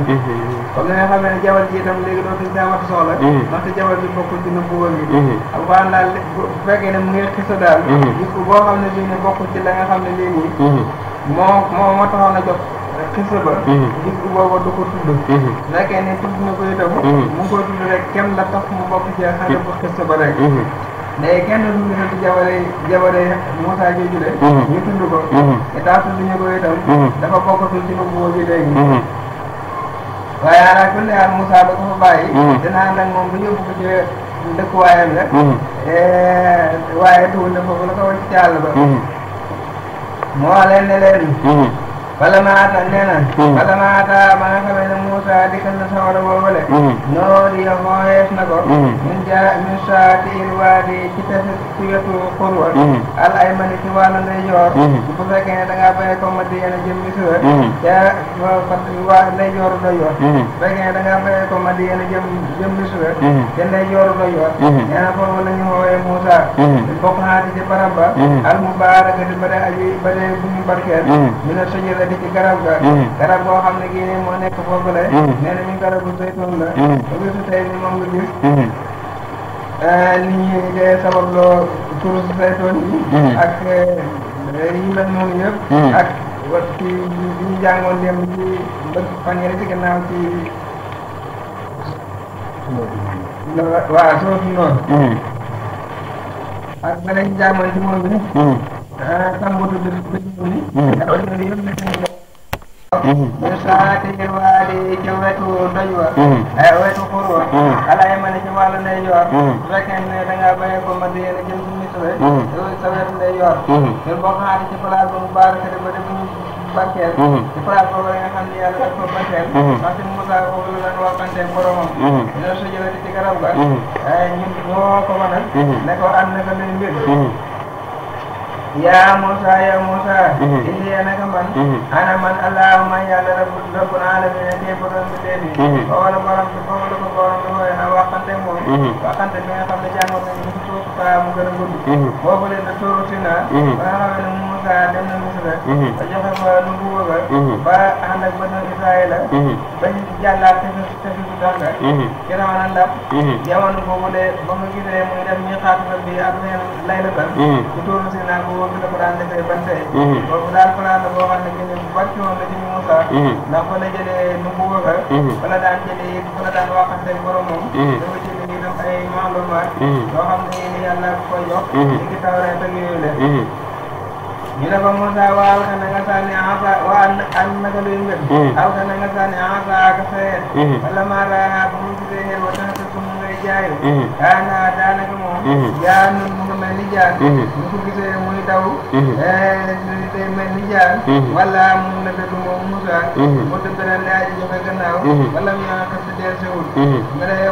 comme ni xam ne jabar ji tam léegi dootuñ daamati soxla mhm. ndaxte jabar ji bokkul ci nëbbuwam yi alquran daal bu fekkee ne mu ngi xiso daal mhm. gis ko boo xam ne bii ne bokkul ci la nga xam ne lii nii mhm. moo moo moo taxoon a jot ba gis bu booba du ko tudd nekkee ne tudd na ko itam mu ngi koy tudd rek kenn la tax mu bokk ci xale bu ba rek léegi kenn duñ leen di jabaree jabaree Moussa jooju de. ñu tudd ko. état bi ñu koy itam. dafa bokkatul ci lu mu wóor yi léegi. waaye ala kulli haal Moussa ba ko fa bàyyi. Hmm. dinaa nag moom bu yóbbu ko ci dëkkuwaayam rek. Hmm. Eh, waaye dugub foofu la ko woon ci àll ba. Hmm. leen ne leen. فلما أتى نينا فلما أتى ما كمل موسى ديك النصارى وولي نودي الله يسنقر من جاء من ساتي الوادي كتسية قروة الأيمن كوالا ليجور بفكين دنگا بيكم مدينة جمي سور جاء فتوات ليجور ليجور فكين دنگا بيكم مدينة جمي سور جاء ليجور ليجور نينا فولا نيوه موسى البقنا تجي برابا المباركة بدأ أجي بدأ بني بركة من السجرة di ci garab ga mm-hmm. garab goo xam ne gii nii moo nekk foofu la mm-hmm. nee na ñu garabu zaytun la ba mm-hmm. bisu tey ni moom nga gis eh, li ñuy dee sabab loo turu zaytun yi ak eh, yi mel noonu yëpp ak wat ci li ñu jàngoon dem ci bëgg fan yële ci gannaaw ci waaw sootu noonu ak ba lañ jàngoon ci moom bi تنبت بالبنون العلم بيمنة بصلاة الوالي جوته دجوة أعوة خروة على يمن جوال نيور لكن دنا بيكو مدير جنس مثل سويت نيور البقعة تفلال مباركة بدبن barkeel ci place boobu nga xam ne yàlla daf ko barkeel ndax si Moussa foofu la doon waxante boromam dina sojolati ci garab ga ñun ñoo ko mën a ne ko am na ko mbir yaa Musa yaa Musa. indi ya naka man. ana man allahumma yàlla rabbul alamin ak kee borom bi tey bii. wala borom bi foofu la ko borom bi wooyee na waxante moom. waxante bi nga xam ne jàngoon nañu saa mu gën a mhm. mhm. ba nga xam ne Moussa dem na Misra. Mhm. ba joxe fa nubuwa ba. ba ànd ba ñu jàllaat te fi te fi mu danga. ci rawana ndab. jamono boobu ba mu gisee muy def ñi xaatu bi ak neen layla ba. ci tuuru si naa ko wóobu la ko la boo xam ne gën a bàcc woon la ci Moussa. ndax fa la jëlee nubuwa ba. fa la daan jëlee fa la daan ay membrement mhm. yoo xam ne ni yàlla ko koy jox li ki tawreet ak yooyu la ñu ne ko Moussa waaw ka na nga sànni mhm. mhm. wala maa raaha ba mu gisee yeet wa tax te mu ngay jaay daana daanaka moom jaan mu nga mel ni jaan ñu ko daw eh, eh, eh, day mel ni jaan wala mu nga dëgg moom Moussa mu dëgg la laaj joxe gannaaw wala mu yaa ka si deel sewul nga dee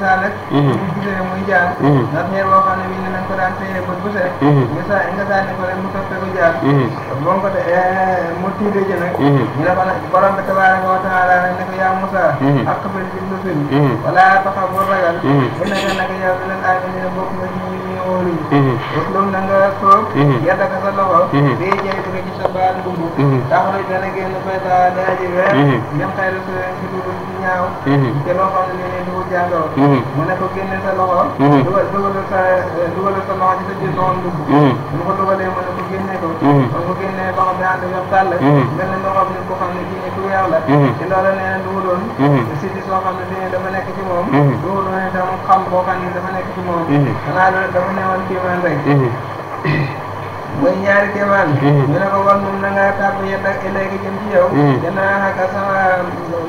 misaal rek ñu mhm. gisee muy jaar mhm. ndax ñeer boo xam ne bii ne nañ ko daan téye bët bu set mhm. nga saa nga saa ne ko rek mu toppe ko jaar boo ko de eh, mu tiidee ji nag ñu dafa nag borom bi tabaaraka wa taala nag ne ko yaa Moussa ak bil ci lu fin wala taxaw bu ragal bu nekk nag yow bi leen aaka ne bokk nga ci ñu wóolu yi loolu na nga toog yàlla ka sa loxo bee jëy bi nga ci sa baal mbubb taxaw dana génn baytaa daa ji weer ñam xayru si lu ñaaw te loo xam ne ne du jàngoo mu ne ko génne sa loxo. dugal dugalal sa dugalal sa loxo ci sa biir loxo ndugg. mu ko dugalee mu ne ko génne ko. kon mu génnee loxo bi ànd ak sàll. benn loxo bi ko xam ne kii nii ku weex la. ci loolu nee na duguloon. si si soo xam ne bii dafa nekk ci moom. duguloon itam xam boo xam ne dafa nekk ci moom. xanaa loolu dafa newoon kii man rek. mooy ñaari kéemaan mm-hmm. ñu ne ko wan nun nga tàbb yedd ak ilayka jëm ci yow danaa mm-hmm. ah xaka sama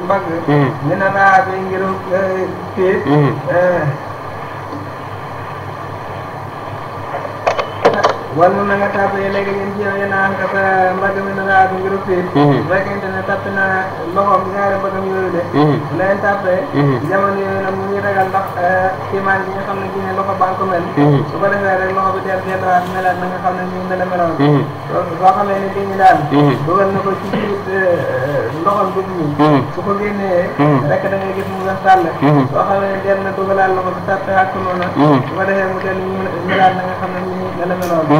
mbagg mm-hmm. ñu ne laa bi ngir euh, walla na nga tàbbalee léegi ñun ci yow yéen a am ka sa euh, mi na laa dugg rëpp yi. Mhm. bu fekkente ne tàpp na loxoom ñaari mbagam yooyu de. Mhm. leen tàppee. Mhm. jamono yooyu nag mu ngi ragal euh, loxo baa ko mel. su ko defee rek loxo bi teel delluwaat melaat na nga xam ne nii mel meloon. soo xamee ne bii ñu daal. dugal na ko ci biir euh, loxoom dugg ñi. su ko génnee. rek da ngay gis mu nga sàll. soo xamee ne dem na dugalaat loxo bi tàppee ak noonu. su ko defee mu dellu ñu melaat na nga xam ne nii la meloon.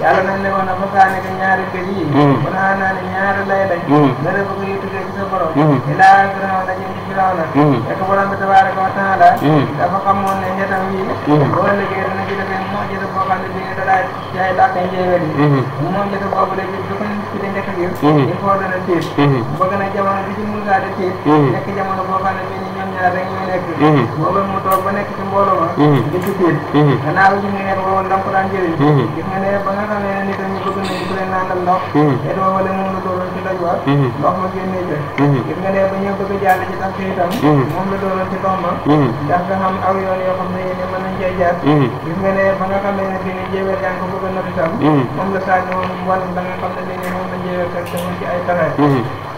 yàlla nañ ne woon ba saa nekk ñaari kër yii. bu hmm. naa naa ne ñaari lay dañ. Hmm. nga def ko yu tukkee ci sa borom. Hmm. ilaa Firawna daje ci Firawna. fekk borom bi tabaaraka wa taala. dafa xamoon ne xetam yii. boo liggéey dana ci defee moo jëte boo xam ne bii da daal ci ay làkk njéewal yi. moom jëte boobu léegi du ko ci di nekk biir. il faut dana tiit. bëgg na jamono bi ci Moussa di tiit. nekk jamono boo xam ne bii nii ñoom ñaar rek ñuy nekk. boobu mu toog ba nekk ci mbooloo ma. di ci tiit. gannaaw bi ñu nekk boobu ndam ko daan jëriñ. gis nga ne ba nga nga xam ne nit ñi bëgg nañ ku leen nangam ndox hmm. te doo wala moom la dooroon ci doj wa hmm. ndox ma génnee jël hmm. gis nga ne ba ñu bëgg jàll ci tax itam moom la dooroon ci nga xam yoo xam ne yéen mën nañ cee jaar nga ne ba nga xam ne ne ni jéewee yaa ngi ko bëgg a napp moom la saag moom wàllum da nga xam ne li ne moom la jéewee fekk ci ay taxee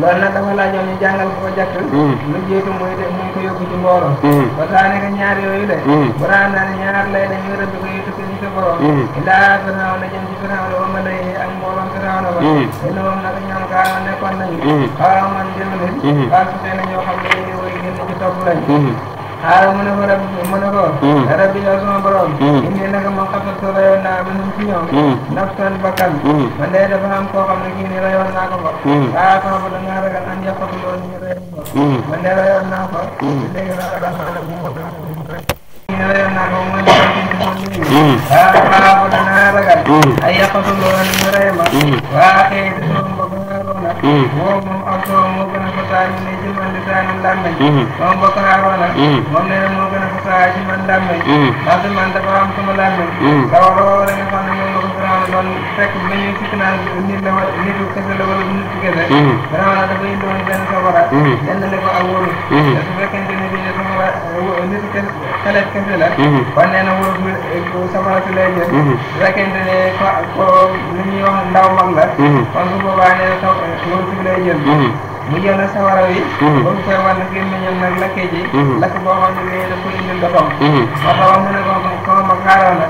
loolu nag dafa laajoon ñu jàngal ko ko jàkk hmm. lu jiitu muy de muy ko yóbbu ci mbooloo hmm. ba saa ne ñaar yooyu le hmm. bu daan daan ñaar lay dañuy rëbb ko yu tukki ñu sa borom ilaa firaaw na jëm ci firaaw la wama lay ak mbooloom firaaw na ba ina moom nag ñoom kaa nekkoon nañu xaw man jëmale xaal su fee na ñoo xam ne dañuy wëy génn ci topp lañ xaaral mu ne ko rab mu ne hmm. ko rab bi yow sama borom hmm. indi naka moom xatattu rayoon eh, naa ma num ci ñoom naftan bakkan man day dafa am koo xam ne kii ni rayoon naa ko ko waa sama borom dangaa ragal an yàqatu loolu ñu rayoon ko man de rayoon naa ko léegi naka dafa ñu rayoon naa ko mooy waa sama borom dangaa ragal ay yàqatu loolu ñu rayoon ma waa xëy moom moom ak doom moo gën a fasaa ñu ne ci man lisaani làmmeñ moom bokk naa roona moom nee na moo gën a fasaa ci man làmmeñ ndax man dafa am sama làmmeñ loolu fekk bu ñu sikki naan nit la wala nit kese la wala nit kese. Mhm. vraiment dafay doon benn safara. jëndale mhm. ko ak wóorul. te mhm. su fekkente ne bii safara nit kese xelet kese la. kon nee na wóorul bi eh, safara si lay jël. su fekkente ne ko ko li ñuy wax ndaw mag la. kon su boobaa nee na eh, wóorul si lay jël. mu jël na sawara wi. ba mu koy wan gémmiñam nag lakkee ji. lakk boo xam ne dañ ko indil doxam. moo tax mu ne ko xaaroon na.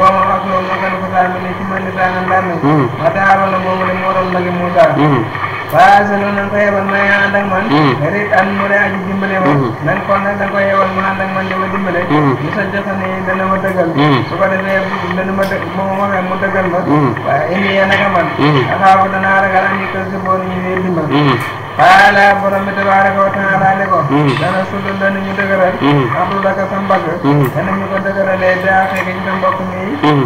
waaw moom ak moom naka la mm-hmm. ko saa mel ni ci mën na saa naan wax dëgg xaaroon na moomu la moo doon lagi Moussa. Mm-hmm. waaw sa noonu nan ko yebal ma yaa ànd ak man rit mm-hmm. an mu de aji dimbale ma nan ko nag da ko yebal ma ànd ak man dama dimbale ñu sa jota ni dana ma dëggal su ko defee dana ma dëgg moom ma fee mu dëggal ma waaye indi yee naka man axaabu danaa ragal am ñu kër si boor ñu ne dimbal xaala borom bi tabaaraka wa taala ne ko hmm. dana sud danañu dëgëral hmm. abdulaka sa mbagg hmm. danañu ko dëgëralee daa xeegi ñu da mbokk mi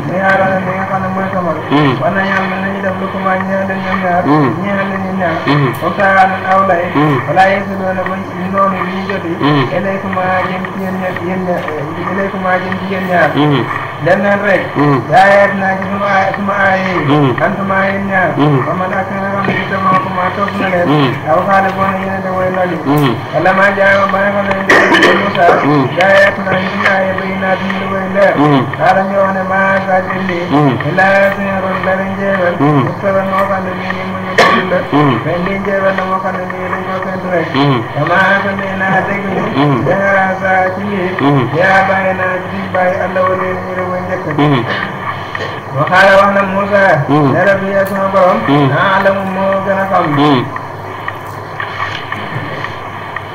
muy aarana li nga xam ne mooy samal war na na nañu def lu ko maa ñeex leen ñoom ñaar ñeex leen ñaar foofu saanan aw lay walaa yeesu doona ba noonu li ñu joti ilaykumaa jëm ci yéen ñaar yéen ilaykumaa jëm ñaar leneen rek. daa hmm. yaatu naa ci suma suma aay yi. Hmm. antuma aay yi ñaar. Hmm. ba man ak keneen am na ci sama ko ma toog na leen. aw xaale boo ne yéen a demee loolu. wala maa jaay ma bàyyi ma leen di leen Moussa. daa yaatu naa ci suma aay yi naa ci lu koy leer. daa la ñu wax ne maa saa ci lii. illaa suñu ron la leen jéebal. mustafa moo xam ne nii nii mu ñu ko dund. mais lii jéebal la moo xam ne nii dañoo fent rek. damaa ko nee naa dégg ni. da ngaa saa ci lii. yaa bàyyi naa ci bàyyi àll wala waxaala wax na Moussa. ne rabbi ak sama borom. ah alamu moo gën a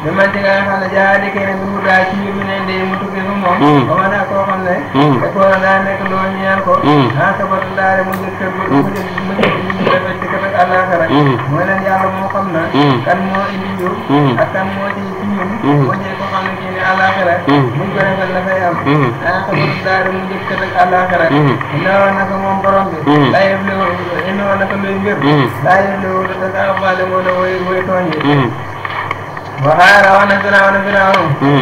bi man ci nga xam ne jaay dikkee ne mu ci mi ne ndey mu tukkee ko moom. ba mën a koo xam ne. te koo daa nekk loo ñaan ko. ah sabatu daare mu njëkk mu njëkk mu njëkk. defal dikk ak àllaaxira mooy leen yàlla moo xam na kan moo indi yiw ak kan moo ci ci ñun moo jël ko xam ne kii ne àllaaxira buñ ko defal dafay am ana xabaru daara mu njëkk ak àllaaxira ina woon naka moom borom bi laa yëf li ina woon naka luy mbir laa yëf li wala daka abale moo la woy woy tooñ yi waxaala wax na firaaw na firaaw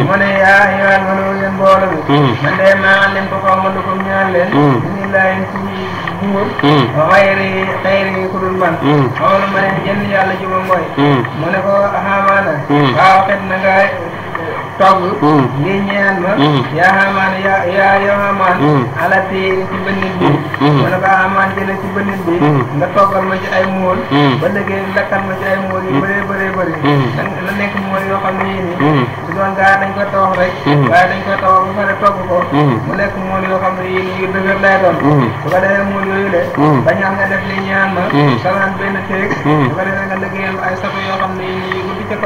mu ne yaa yoon ma ne yéen mbooloo bi hmm. man de maa leen ko xaw ma lu ko ñaan leen hmm. laayeen ci buur hmm. xayri xayri ngi ko dul man xawoon hmm. ma ne jenn yàlla ji ma mooy hmm. mu ne ko xaamaana waaw xet na nga togg ngir mm. ñaan ma mm. yaa xamaan yaa yaa yow xamaan mm. ci bënnit bi wala ko xamaan jële ci bënnit bi nga toggal ma ci ay mool ba léegi lakkal ma ci ay mool yu bëree bëree bëri la nekk mool yoo xam ne yii nii doon gaa dañ ko tawax rek waaye dañ ko tawax ba pare togg ko mu nekk mool yoo xam ne yii yu dëgër lay doon bu ko defee mool yooyu le bañ nga def li ñaan ma salaan benn teeg bu ko defee nga liggéeyal ay sato yoo xam ne yii nii yu guddi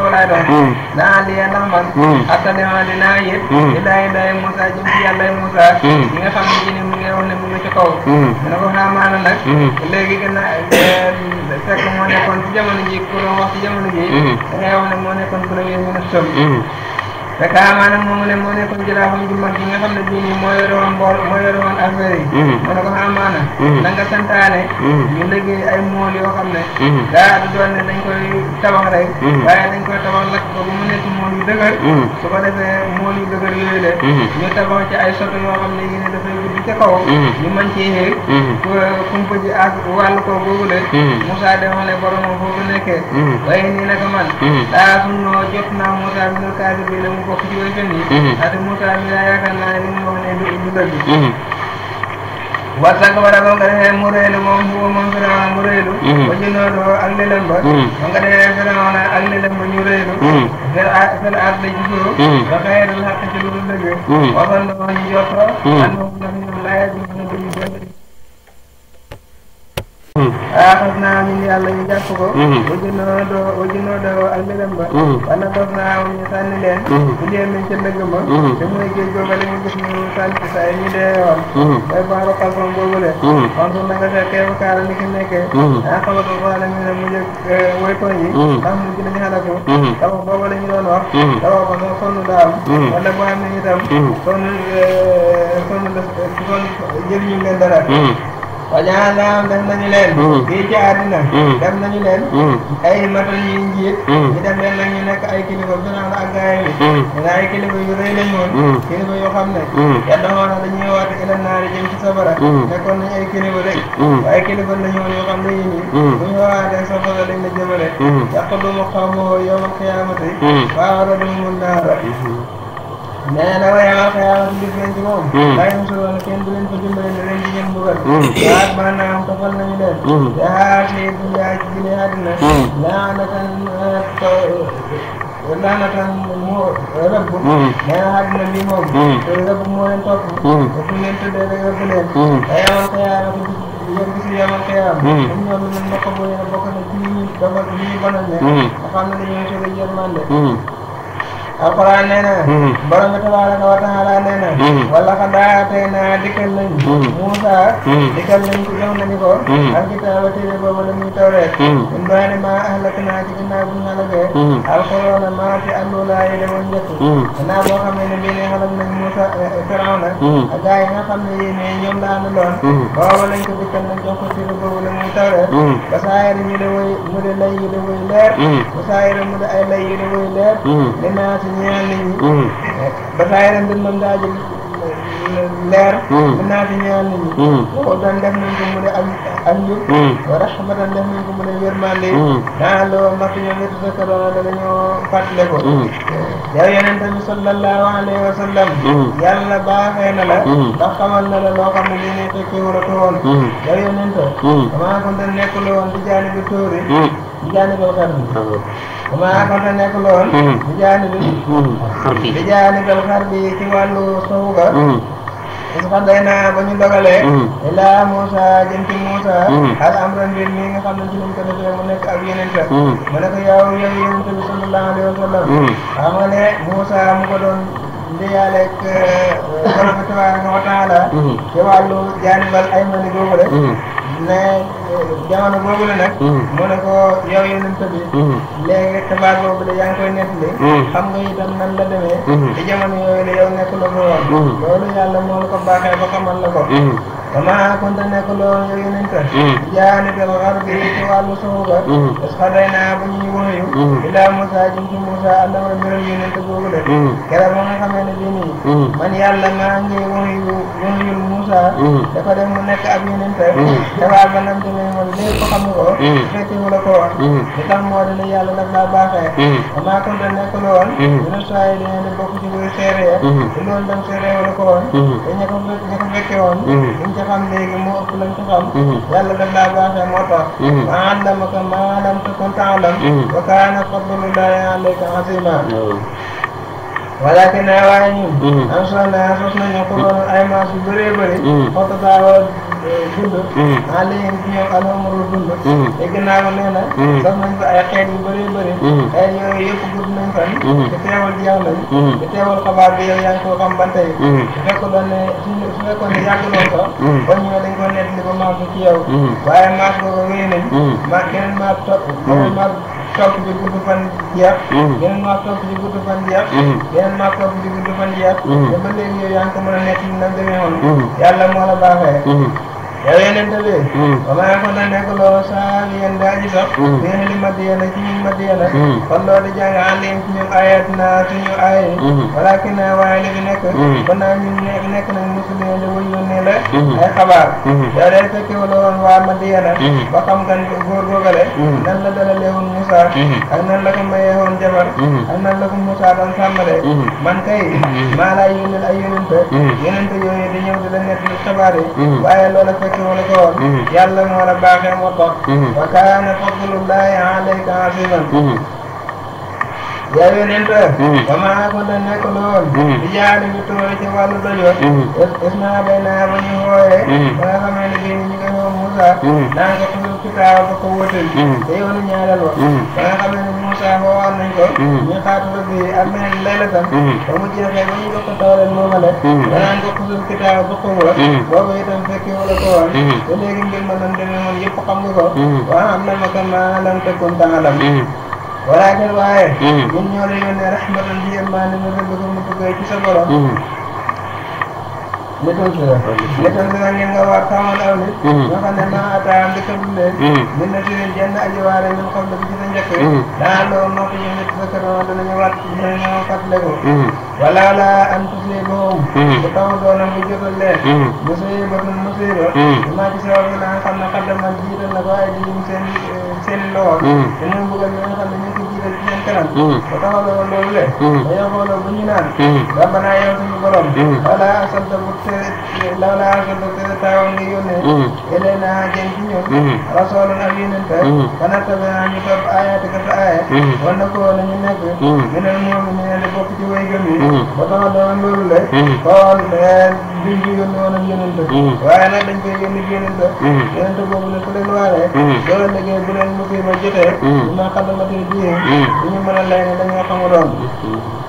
waxtaanee di naa yéen. Mm-hmm. di daay daay Moussa jëm ci yàlla Moussa. ñi mm-hmm. nga xam ne mu ngi woon ne mu ngi ci kaw. Mm-hmm. dina ko xanaa maanaam nag. gën a euh, fekk moo nekkoon ci ji ku wax ci jamono ji. da ngay wax ne moo nekkoon premier Dakar maanaam moom ne moo nekkoon jëlaafam ju mag bi nga xam ne bii nii moo mbool moo yore woon affaire mhm. ne ko mhm. mhm. xam ne daa du doon ne dañ koy tabax rek waaye dañ koy tabax lakk ko mu nekk mool yu ko defee mool yu dëgër yooyu la nekkee waaye nii nag man daa suñ noo jot naa Moussa bi nga kaasi bi la mu bokk ci way gën yi ate Moussa bi daa yaakaar naa ne li mu wax ne du du dëgg wattaka wara boo ko defee mu réylu moom bu moom Firawna mu réylu ba jënoodoo ak lëlëm ba ba nga defee Firawna ak lëlëm ba ñu réylu fel fel ar da ci suuf ba xëyee dal xaq ci lu dul dëgg waxoon na ñu jot ko an moom la ñu laaj ñu dëgg Hmm. axas naa min yàlla ñu jàpp ko hmm. wajunoo doo wajunoo doo ak mbiram ba hmm. wala dof naa moom ñu sànni leen ñu sànni ci saa yi ñu dee woon mooy baaru xalfam boobule kon su na nga fekkee bu kaara ni ki nekkee daa xamatu ko la ñu mu jëg woytoon mu wajaal naam def nañu leen fii ci àddina def nañu leen ay mata yi njiit ñu def leen nag ñu nekk ay kilifa binaan ak gaay yi dana ay kilifa yu rëy lañ woon kilifa yoo xam ne yàlla moo tax dañuy woote ila naari jëm ci sabara nekkoon nañu ay kilifa rek waaye kilifa lañu woon yoo xam ne yi nii bu ñu waatee sabara lañ la jëmale yàq du mu xaw moo yow ma xiyaamati waaw radu mun naara nee na waaye xaw ma def leen ci moom. waaye mosul wala kenn du leen ko dimbale ne leen di leen bëggal. waaw maanaam tofal nañu leen. te xaar lii dundaa ji ne àddina. laanatan laanatan moo rëbb. nee na àddina bi moom. rëbb moo leen topp. te leen tuddee rek rëbb leen. waaye yow xëyaara ko yóbbu si yow xëyaam. ñun ñooñu ñun bokk nañu bokk nañu ci ñi ñu doon ñu ñu bonal ne. nga xam hmm. ne hmm. dañoo hmm. sori yërmande. alxuraan nee na borom bi tabaaraka wa taala nee na wala xa daatee naa dikkal nañ Muusa dikkal nañ ko jox nañu ko ak kitaaba téere boobu la muy tawreet um doy ne maa ahlak naa ci ginnaaw bu ñu alagee alxuraan maa ci allulaa yi demoon njëkk ginnaaw boo xam ne ne bii ne xalag nañ Muusa Firawna ak gaa yi nga xam ne yéen ne ñoom la àndaloon boobu lañ ko dikkal nañ jox ko téere boobu la muy tawreet ba saayir ñu de woy mu de lay yu de woy leer ba saayir mu de ay lay yu de woy leer ñaan nañu. Mm. ba saa yaram bi mën daa jël. leer mu mm. naati ñaan nit mm. def nañ ko mu ne am am mm. njub wa rahmatan def nañ ko mu ne yërmande daa loo mak ñoom it zakkaroona danañoo fàttale ko yow bi sallallahu alayhi wa sallam yàlla baaxee na la ba xamal na la loo xam ne li ne fekke a loon bi tóori di jaani bi xar bi ah, is qadaynaa ba ñu dogalee mm-hmm. ilaa Muusa jëm ci Muusa mm-hmm. al amra mbir mi nga xam ne ci lañ ko defee mu nekk ab yenente mm-hmm. mu ne ko yow yow yenente bi sallallahu alayhi wa sallam xam nga ne Muusa mu ko doon ndiyaaleeg euh, borom bi tabaraka wa taala ci wàllu jaanibal ay mani googu rek mais jamono boobu la nag. Mm-hmm. mu a ko yow yonent bi. Mm-hmm. léegi xibaar boobu la yaa ngi koy nettali. Mm-hmm. xam nga itam nan la demee. ci jamono yooyu la yow nekk la ko loolu yàlla moo la ko baaxee ba xamal la ko. وما كنت نقلون يونك جانب الغرب سوال صوبة اسخرنا بني وهيو إلى موسى جنت موسى الله ورمير يونك بوغل كرم خمين بني من يالا ما أنجي وهيو وهيو موسى دفد منك أب يونك دفع بنام جميع من ليك خمغو فيتي ولكو لتم مودل يالا لبلا باخي وما كنت نقلون من السائل يونك بوكو جبوي سيري لون دم سيري ولكو إنكم بكيون إنك ci xam léegi moo ëpp lañ ci xam mhm. yàlla daf laa baaxee moo tax ma mhm. allamaka ma lam takun taalam wa kaana fadlullahi alayka azima walakin waaye ñun am mhm. sonna sos nañu ko doon ay maas yu bëree bëri xottataawa Mm-hmm. dund en léegi ci ñoom alhamdulilah dund te gannaaw nee na mm-hmm. sax nañ ko ay xeet yu bëree bëri mm-hmm. ay yooyu yëpp gudd nañ fan te teewal jeex nañ te teewal xabaar bi yow yaa ngi koo xam ba tey su ne su fekkoon ne yàgg ko ba ñëw dañ ko nett li ba maam ci yow waaye maam ko ko wéy nañ maa keneen maa di gudd fan jeex yeneen maa di gudd fan jeex yeneen maa di gudd fan jeex te ba léegi yow yaa ngi ko mën a nett li na demee woon yàlla moo yow yonent bi wama yakon na nekk loo saa bi yéen daaji sax bi ahli Madyana ci ñun Madyana hmm. kon loolu di jàng ànd ci ñun ayat naa suñu aaya yi hmm. walakin na waaye li fi nekk hmm. kon naa ñun nekk nekk nag musulmee li wuyu ne la ay xabaar yow day fekkiwul woon waa Madyana ba xam kan góor googale nan la dalalee woon Moussa ak nan la ko mayee woon jabar ak nan la ko Moussa doon sàmmale man kay maa laa yónneel ay yonent yonent yooyu di ñëw di la nekk xabaar yi waaye loolu fekk fekk mu ne ko woon yàlla moo la baaxee mu toog wa kaana fadlullahi alayka aziman mhm. yaa yonent ba mhm. maa ko da nekk lool di mhm. jaari bi tuuri ci wàllu dojoor is naa bay naa ba ñu wooyee ba nga xamee ne bii ñu koy moom Moussa. Mm. daa nga tudd kitaaba ba ko wóotal. te yoonu ñaareel wa. Mm. ba nga xam ne Moussa moo war nañ ko. ñu mm. xaatu ba biir am nañ leelatam. ba mu jeexee ba ñu jox ko tawleen moomale. danaan ko tudd kitaaba ba ko wóor. boobu itam fekk wala ko woon. te léegi mbir ma nam demee woon yëpp xam nga waaye. ñun ñoo la yónnee rahmatan di yemmaane ma dëgg ko mu duggee ci lékkal bi nag ngeen nga war tàmmal aw nit ñoo xam ne maa ataam dëkkal bu leen min na tirin jenn aji waare min xam ne ci sa njëkk daa lool noo ko jëm nit sa kër moom danañu war ci ñoom ñoo fàttale ko wala la an tusee boom bu taw mm-hmm. doonam bu jotal leen musiba tun musiba maa ci sabab yi nga xam ne xaddam man jiital na ko ay jiim seen delloo mm. dana bëggal ñi nga xam ne ñu ngi jiital ci seen kanam mm. ba taxaw na loolu le dañoo xooloo bu ñu naan rabbana mm. yow suñu borom lawla arsalta bu te lawla arsalta te taawa nga yónnee ilayna jëm ci ñun rasoolan ak yonente fanattabi'a ñu topp aayaatika sa aaya wan na ko la ñu nekk minal mu'miniina di bokk ci way gëm yi ba taxaw na loolu le kon duñ ci yónni woon ak yonente waaye nag dañ koy yónni yonente yonente boobu ne ku leen waaree doo liggéey bu leen bëgg ma jotee. bu ma xam ne ma jotee jiw ñu mën a lay ne dañoo xamu doon. Mm.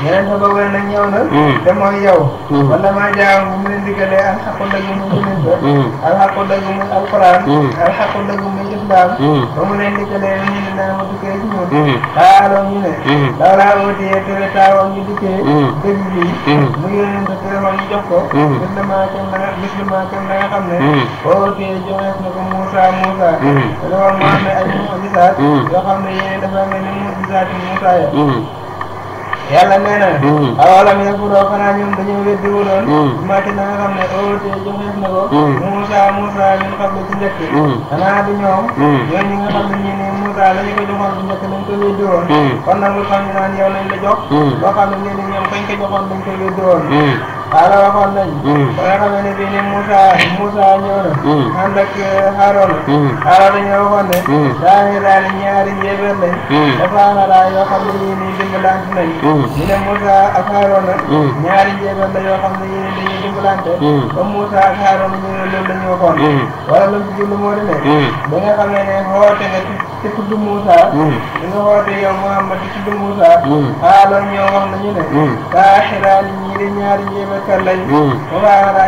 ñeneen na. Hmm. te yow. wala hmm. maa jaaw mu leen diggalee alxaqu dëgg mu sunna. Hmm. alxaqu dëgg muy alquran. alxaqu dëgg muy islam. ba mu leen diggalee ñu ne naa ma dikkee ci ñun. ñu ne. daw laa wutiyee tere taawam ñu dikkee. dëgg bi. mu yónnee sa téléphone ñu jox ko. bis la maa kenn la bis la maa kenn ne. boo wutiyee joxees na ko Moussa Moussa. dafa yoo xam ne yéen dafa mel ni mu'jisaat Moussa ya. yàlla nee mm. awalam yakfuroo xanaa ñoom dañoo doon. mati mm. na nga xam ne óolutee mm. ci njëkk. xanaa du ñoom. ñoom ñi nga xam ne ñii nii Moussa lañu ko joxoon bu njëkk dañ ko weddi woon. kon nag lu xam ne naan yow lañ la jox. loo xam ne ñii nii ñoom xaaral waxoon nañ ba nga xamee ne bii ni Moussa Moussa ñëw na ànd ak Haroona Haroona ñoo waxoon ne daangi daal ñaari yéefar lañ dafaana laa yoo xam ne ñii nii dimbalante nañ ñu ne Moussa ak Haroona ñaari yéefar la yoo xam ne ñii nii dañuy dimbalante ba Moussa ak Haroona ñu ne loolu la ñu waxoon wala lu ci jublu moo di ne ba nga xamee ne xoote nga te tudd Moussa. dina hmm. woote yow Muhammad di tudd Moussa. Hmm. xaaral ñoo wax nañu ne. daa xiraani ñii di ñaari njéebarkat lañ. bu baax a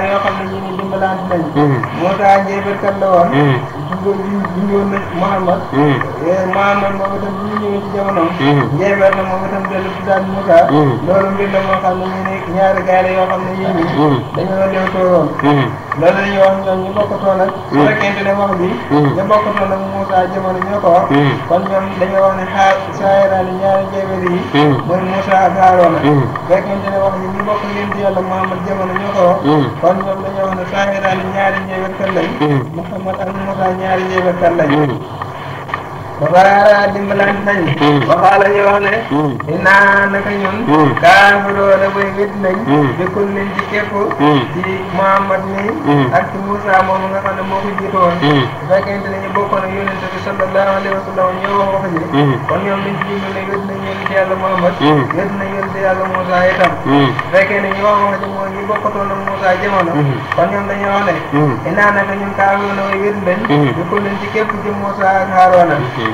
Muhammad. Muhammad moom itam ci jamonoom. Hmm. njéebar la moo xam ne ñu ne yoo xam ne yéen ñi. dañoo lew loolu la ñuy wax ñoom ñu bokkatoon hmm. ak. wax bi. Hmm. ñu bokkatoon ak Moussa jamono ñoo ko wax. Hmm. kon ñoom wax ne xaar saayiraani ñaari jéeméeri yi. mooy Moussa ak Haaruna. bu fekkente ne wax bi ñu bokk yonent yàlla Muhammad jamono ko wax. kon ñoom dañoo wax ñaari jéeméeri kan waaw dimbalante nañu. Hmm. waxaala ñu wax ne. Hmm. naka ñun. kaafiroo da bay wét bi sallallahu wa sallam ñoo wax wax ji. Hmm. kon ñoom dañ ci jublu ne wét nañ yonente ci képp ci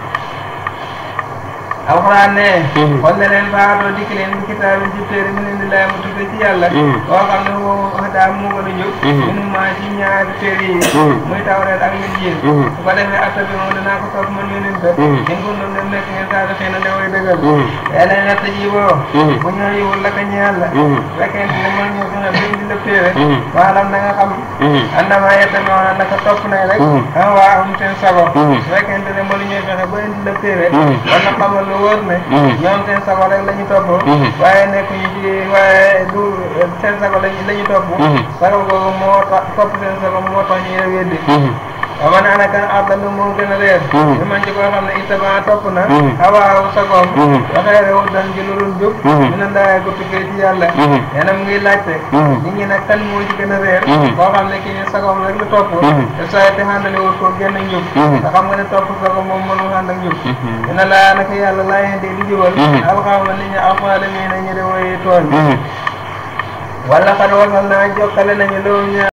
alxuraan ne wal hmm. na leen faatoo dikk bi kitaabin ci téere mu indi lay mu tukkee ci yàlla hmm. koo xam ne woo daa mu gën a jóg hmm. munu maa ci ñaari téere yi muy tawreet ak injiil su ko defee attabi moom danaa ko topp man yónnin ko in ko noonu dem nekk ngeen saa dafee na ne way dëggal yàlla ne nett ji boo bu ñoo yiwul la ko ñeel la fekkente ne mën nga gën a bind di la téere maanaam da nga xam andamaa yetta moo na naka topp nay rek am ah waa am seen sabo fekkente ne mënuñoo ba indi lu wóor ne ñoom mhm. seen sago rek la ñu topp mhm. waaye nekkuñu ci waaye du seen sago la la ñu topp mhm. moo tax topp seen moo tax ñu waaw man ànd ak ànd moom gën a réer. li man ci koo xam ne itam topp na. xawaaru sagoom. waxee réew dan ci lu dul jub. ñu ne ndaay gu tukkee ci yàlla. yéen a ngi laajte. nit ñi nag kan moo ci gën a réer. koo ne kii ñu sagoom rek topp. te saa yi te xàndale wut ko génn njub. te xam nga ne topp sagoom moom mënul xànd ak njub. ñu ne laa naka yàlla laa yéen di di jubal. ab xam ne nit ñi ak xaalis yi ne ñu di woy